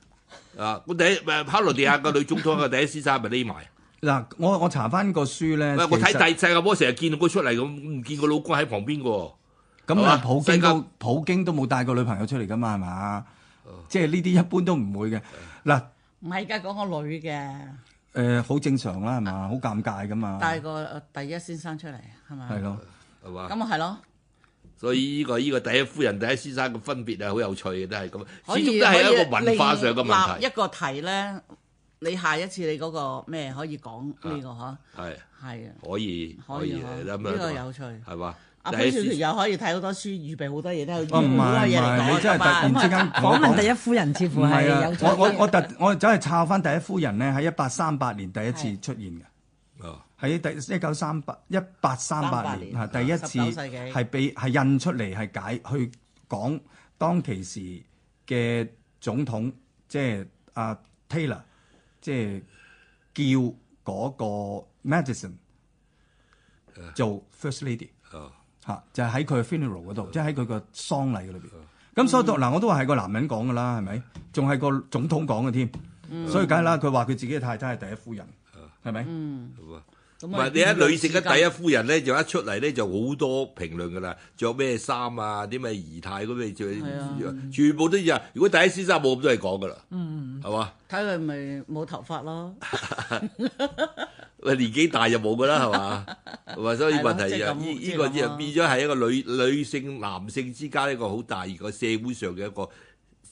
啊，我第一咪哈羅地亞個女總統個第一先生咪匿埋。
嗱、 啊，我我查翻個書咧。喂實，我睇世
世界波成日見到佢出嚟，咁唔見個老公喺旁邊噶。
咁啊、嗯吧，普京都普京都冇帶個女朋友出嚟噶嘛，係嘛？ 即係呢啲一般都唔會嘅。嗱、
啊，唔係噶，講、那個女嘅。
誒，好正常啦，係嘛，好尷尬㗎嘛。帶
個第一先生出嚟，係
咪？
係咯，係嘛？咁啊，係咯。所以呢個呢個第一
夫人、第一先生嘅分別啊，好有趣嘅，都係咁，始終都係一個文化上嘅問題。
一個題咧，你下一次你嗰個咩可以講呢個呵？係，
係啊，可
以，可以啊，呢個有趣，係嘛？阿比爾條又可以睇好多書，預備好
多嘢都好咧。唔係、啊，啊、你真係突然之間講、啊、說問第一夫人，似乎係、 啊、我我我特我走係抄翻第一夫人咧。喺一八三八年第一次出現嘅，喺第一九三八一八三八年啊， 第一次係俾係印出嚟係解去講當其時嘅總統，即係阿 Taylor，即係叫嗰個 Madison 做 First Lady。嚇，就係喺佢嘅 funeral 嗰度，即係喺佢個喪禮嗰裏邊。咁所以都嗱，我都話係個男人講噶啦，係咪？仲係個總統講嘅添，所以梗係啦。佢話佢自己嘅太太係第一夫人，係咪？唔係你一女性嘅第
一夫人咧，就一出嚟咧就好多評論噶啦。着咩衫啊？啲咩儀態咁嚟著，全部都就係。如果第一先生冇咁都係講噶啦，係嘛？
睇佢咪冇頭髮咯。
年紀大就冇㗎啦，係嘛？話所以問題又呢呢個就變咗係一個女女性、男性之間一個好大個社會上嘅一個。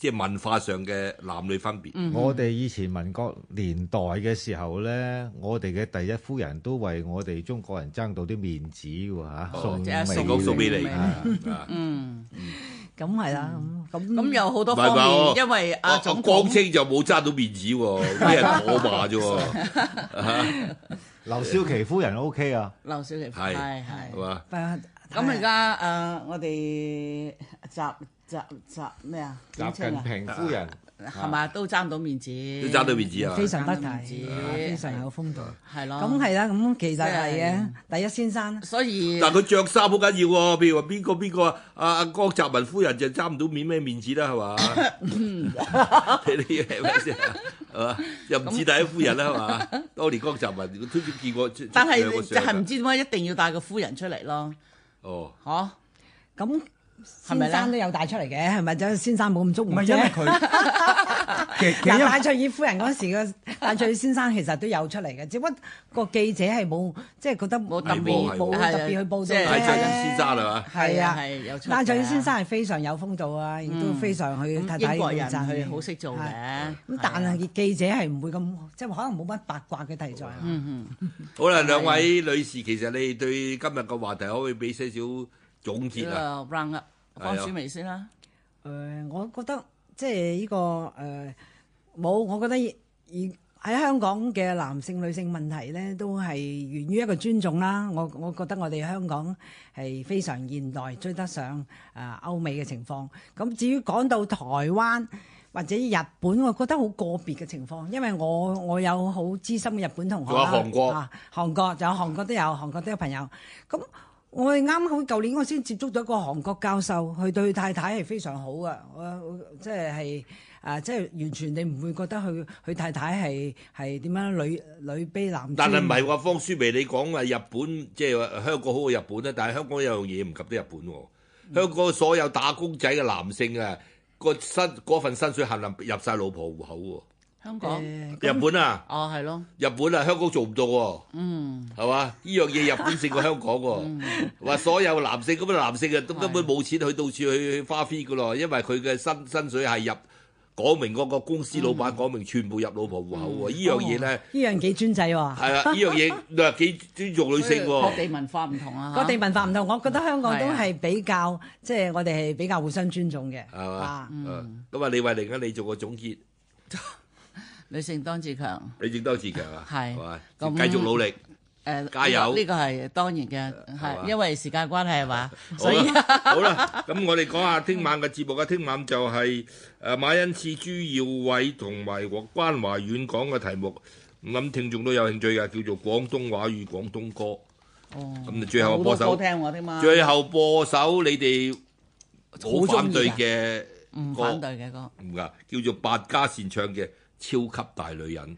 即係文化上嘅男女分別。我哋
以前民國年代嘅時候咧，我哋嘅第一夫人都為我哋中國人爭到啲面子㗎喎嚇，宋、宋、宋美
齡啊！嗯，咁係啦，咁咁有好
多方面，因為阿江青就冇揸到面子喎，啲人攞馬啫喎。劉少奇夫人 O K 啊，劉少奇係係
係嘛？咁而家誒，我哋集。集集咩啊？習近平夫人係嘛？都爭到面子，
都爭到面子啊！非常得體，非常
有風度，係咯。咁係啦，咁其實係嘅。第一先生，所以嗱，佢
著衫好緊要喎。譬如話邊個邊個啊？阿江澤民夫人就爭唔到面咩面子啦，係嘛？
嗯，
睇你係咪先係嘛？又唔似第一夫人啦，係嘛？多年江澤民都都見過，但係就係唔
知點解一定要帶個夫人出嚟咯。哦，嚇咁。先生都
有帶出嚟嘅，係咪？就先生冇咁足唔係因為佢。
嗱，戴
卓爾夫人嗰時個戴卓爾先生其實都有出嚟嘅，只不過個記者係冇即係覺得冇特別去報道
咧。
戴卓爾先生係非常有風度啊，亦都非常去睇睇，英國人佢好識做嘅。咁但係記者係唔會咁即係可能冇乜八卦嘅題材。嗯嗯。
好啦，兩位女士，其實你對今日個話題可以俾少少。總結啊
！Brown 啊，方舒眉先啦。誒，我覺得即係呢個誒，冇。我覺得以喺香港嘅男性女性問題咧，都係源於一個尊重啦。我我覺得我哋香港係非常現代，追得上啊歐美嘅情況。咁至於講到台灣或者日本，我覺得好個別嘅情況，因為我我有好資深嘅日本同學啦。韓國，韓國仲有韓國都有韓國都有朋友咁。我哋啱好舊年我先接觸咗一個韓國教授，佢對佢太太係非常好嘅，我，我即係係啊，即係完全你唔會覺得佢佢太太係係點樣女女卑男尊。但係唔係
話方舒眉你講話日本即係香港好過日本咧？但係香港有樣嘢唔及得日本，啊，香港所有打工仔嘅男性啊，個薪份薪水冚唪唥入晒老婆戶口，啊。香港、日本啊，哦係咯，日本啊，香港做唔到
喎，
嗯，係嘛？呢樣嘢日本勝過香港喎，話所有男性，咁啊男性嘅都根本冇錢去到處去花費噶咯，因為佢嘅薪薪水係入講明嗰個公司老闆講明全部入老婆戶口喎，呢樣嘢咧，
呢樣幾專制喎，係啊，呢樣嘢
嗱幾尊重女性喎，各地
文化唔同啊，各地文化唔同，我覺得香港都係比較即係我哋係比較互相尊重嘅，
係嘛，咁啊，李韡玲啊，你做個總結。
女性當自強，
你性當自強啊！係，咁繼續努力，
誒，加油！呢個係當然嘅，係因為時間關係啊嘛。好
啦，好啦，咁我哋講下聽晚嘅節目啊。聽晚就係誒馬恩賜、朱耀偉同埋關華遠講嘅題目，唔諗聽眾都有興趣嘅，叫做《廣東話與廣東歌》。哦，咁你最後播首，
最後
播首你哋好反對嘅，唔反對嘅歌，唔噶，叫做百家善唱嘅。超級大女人。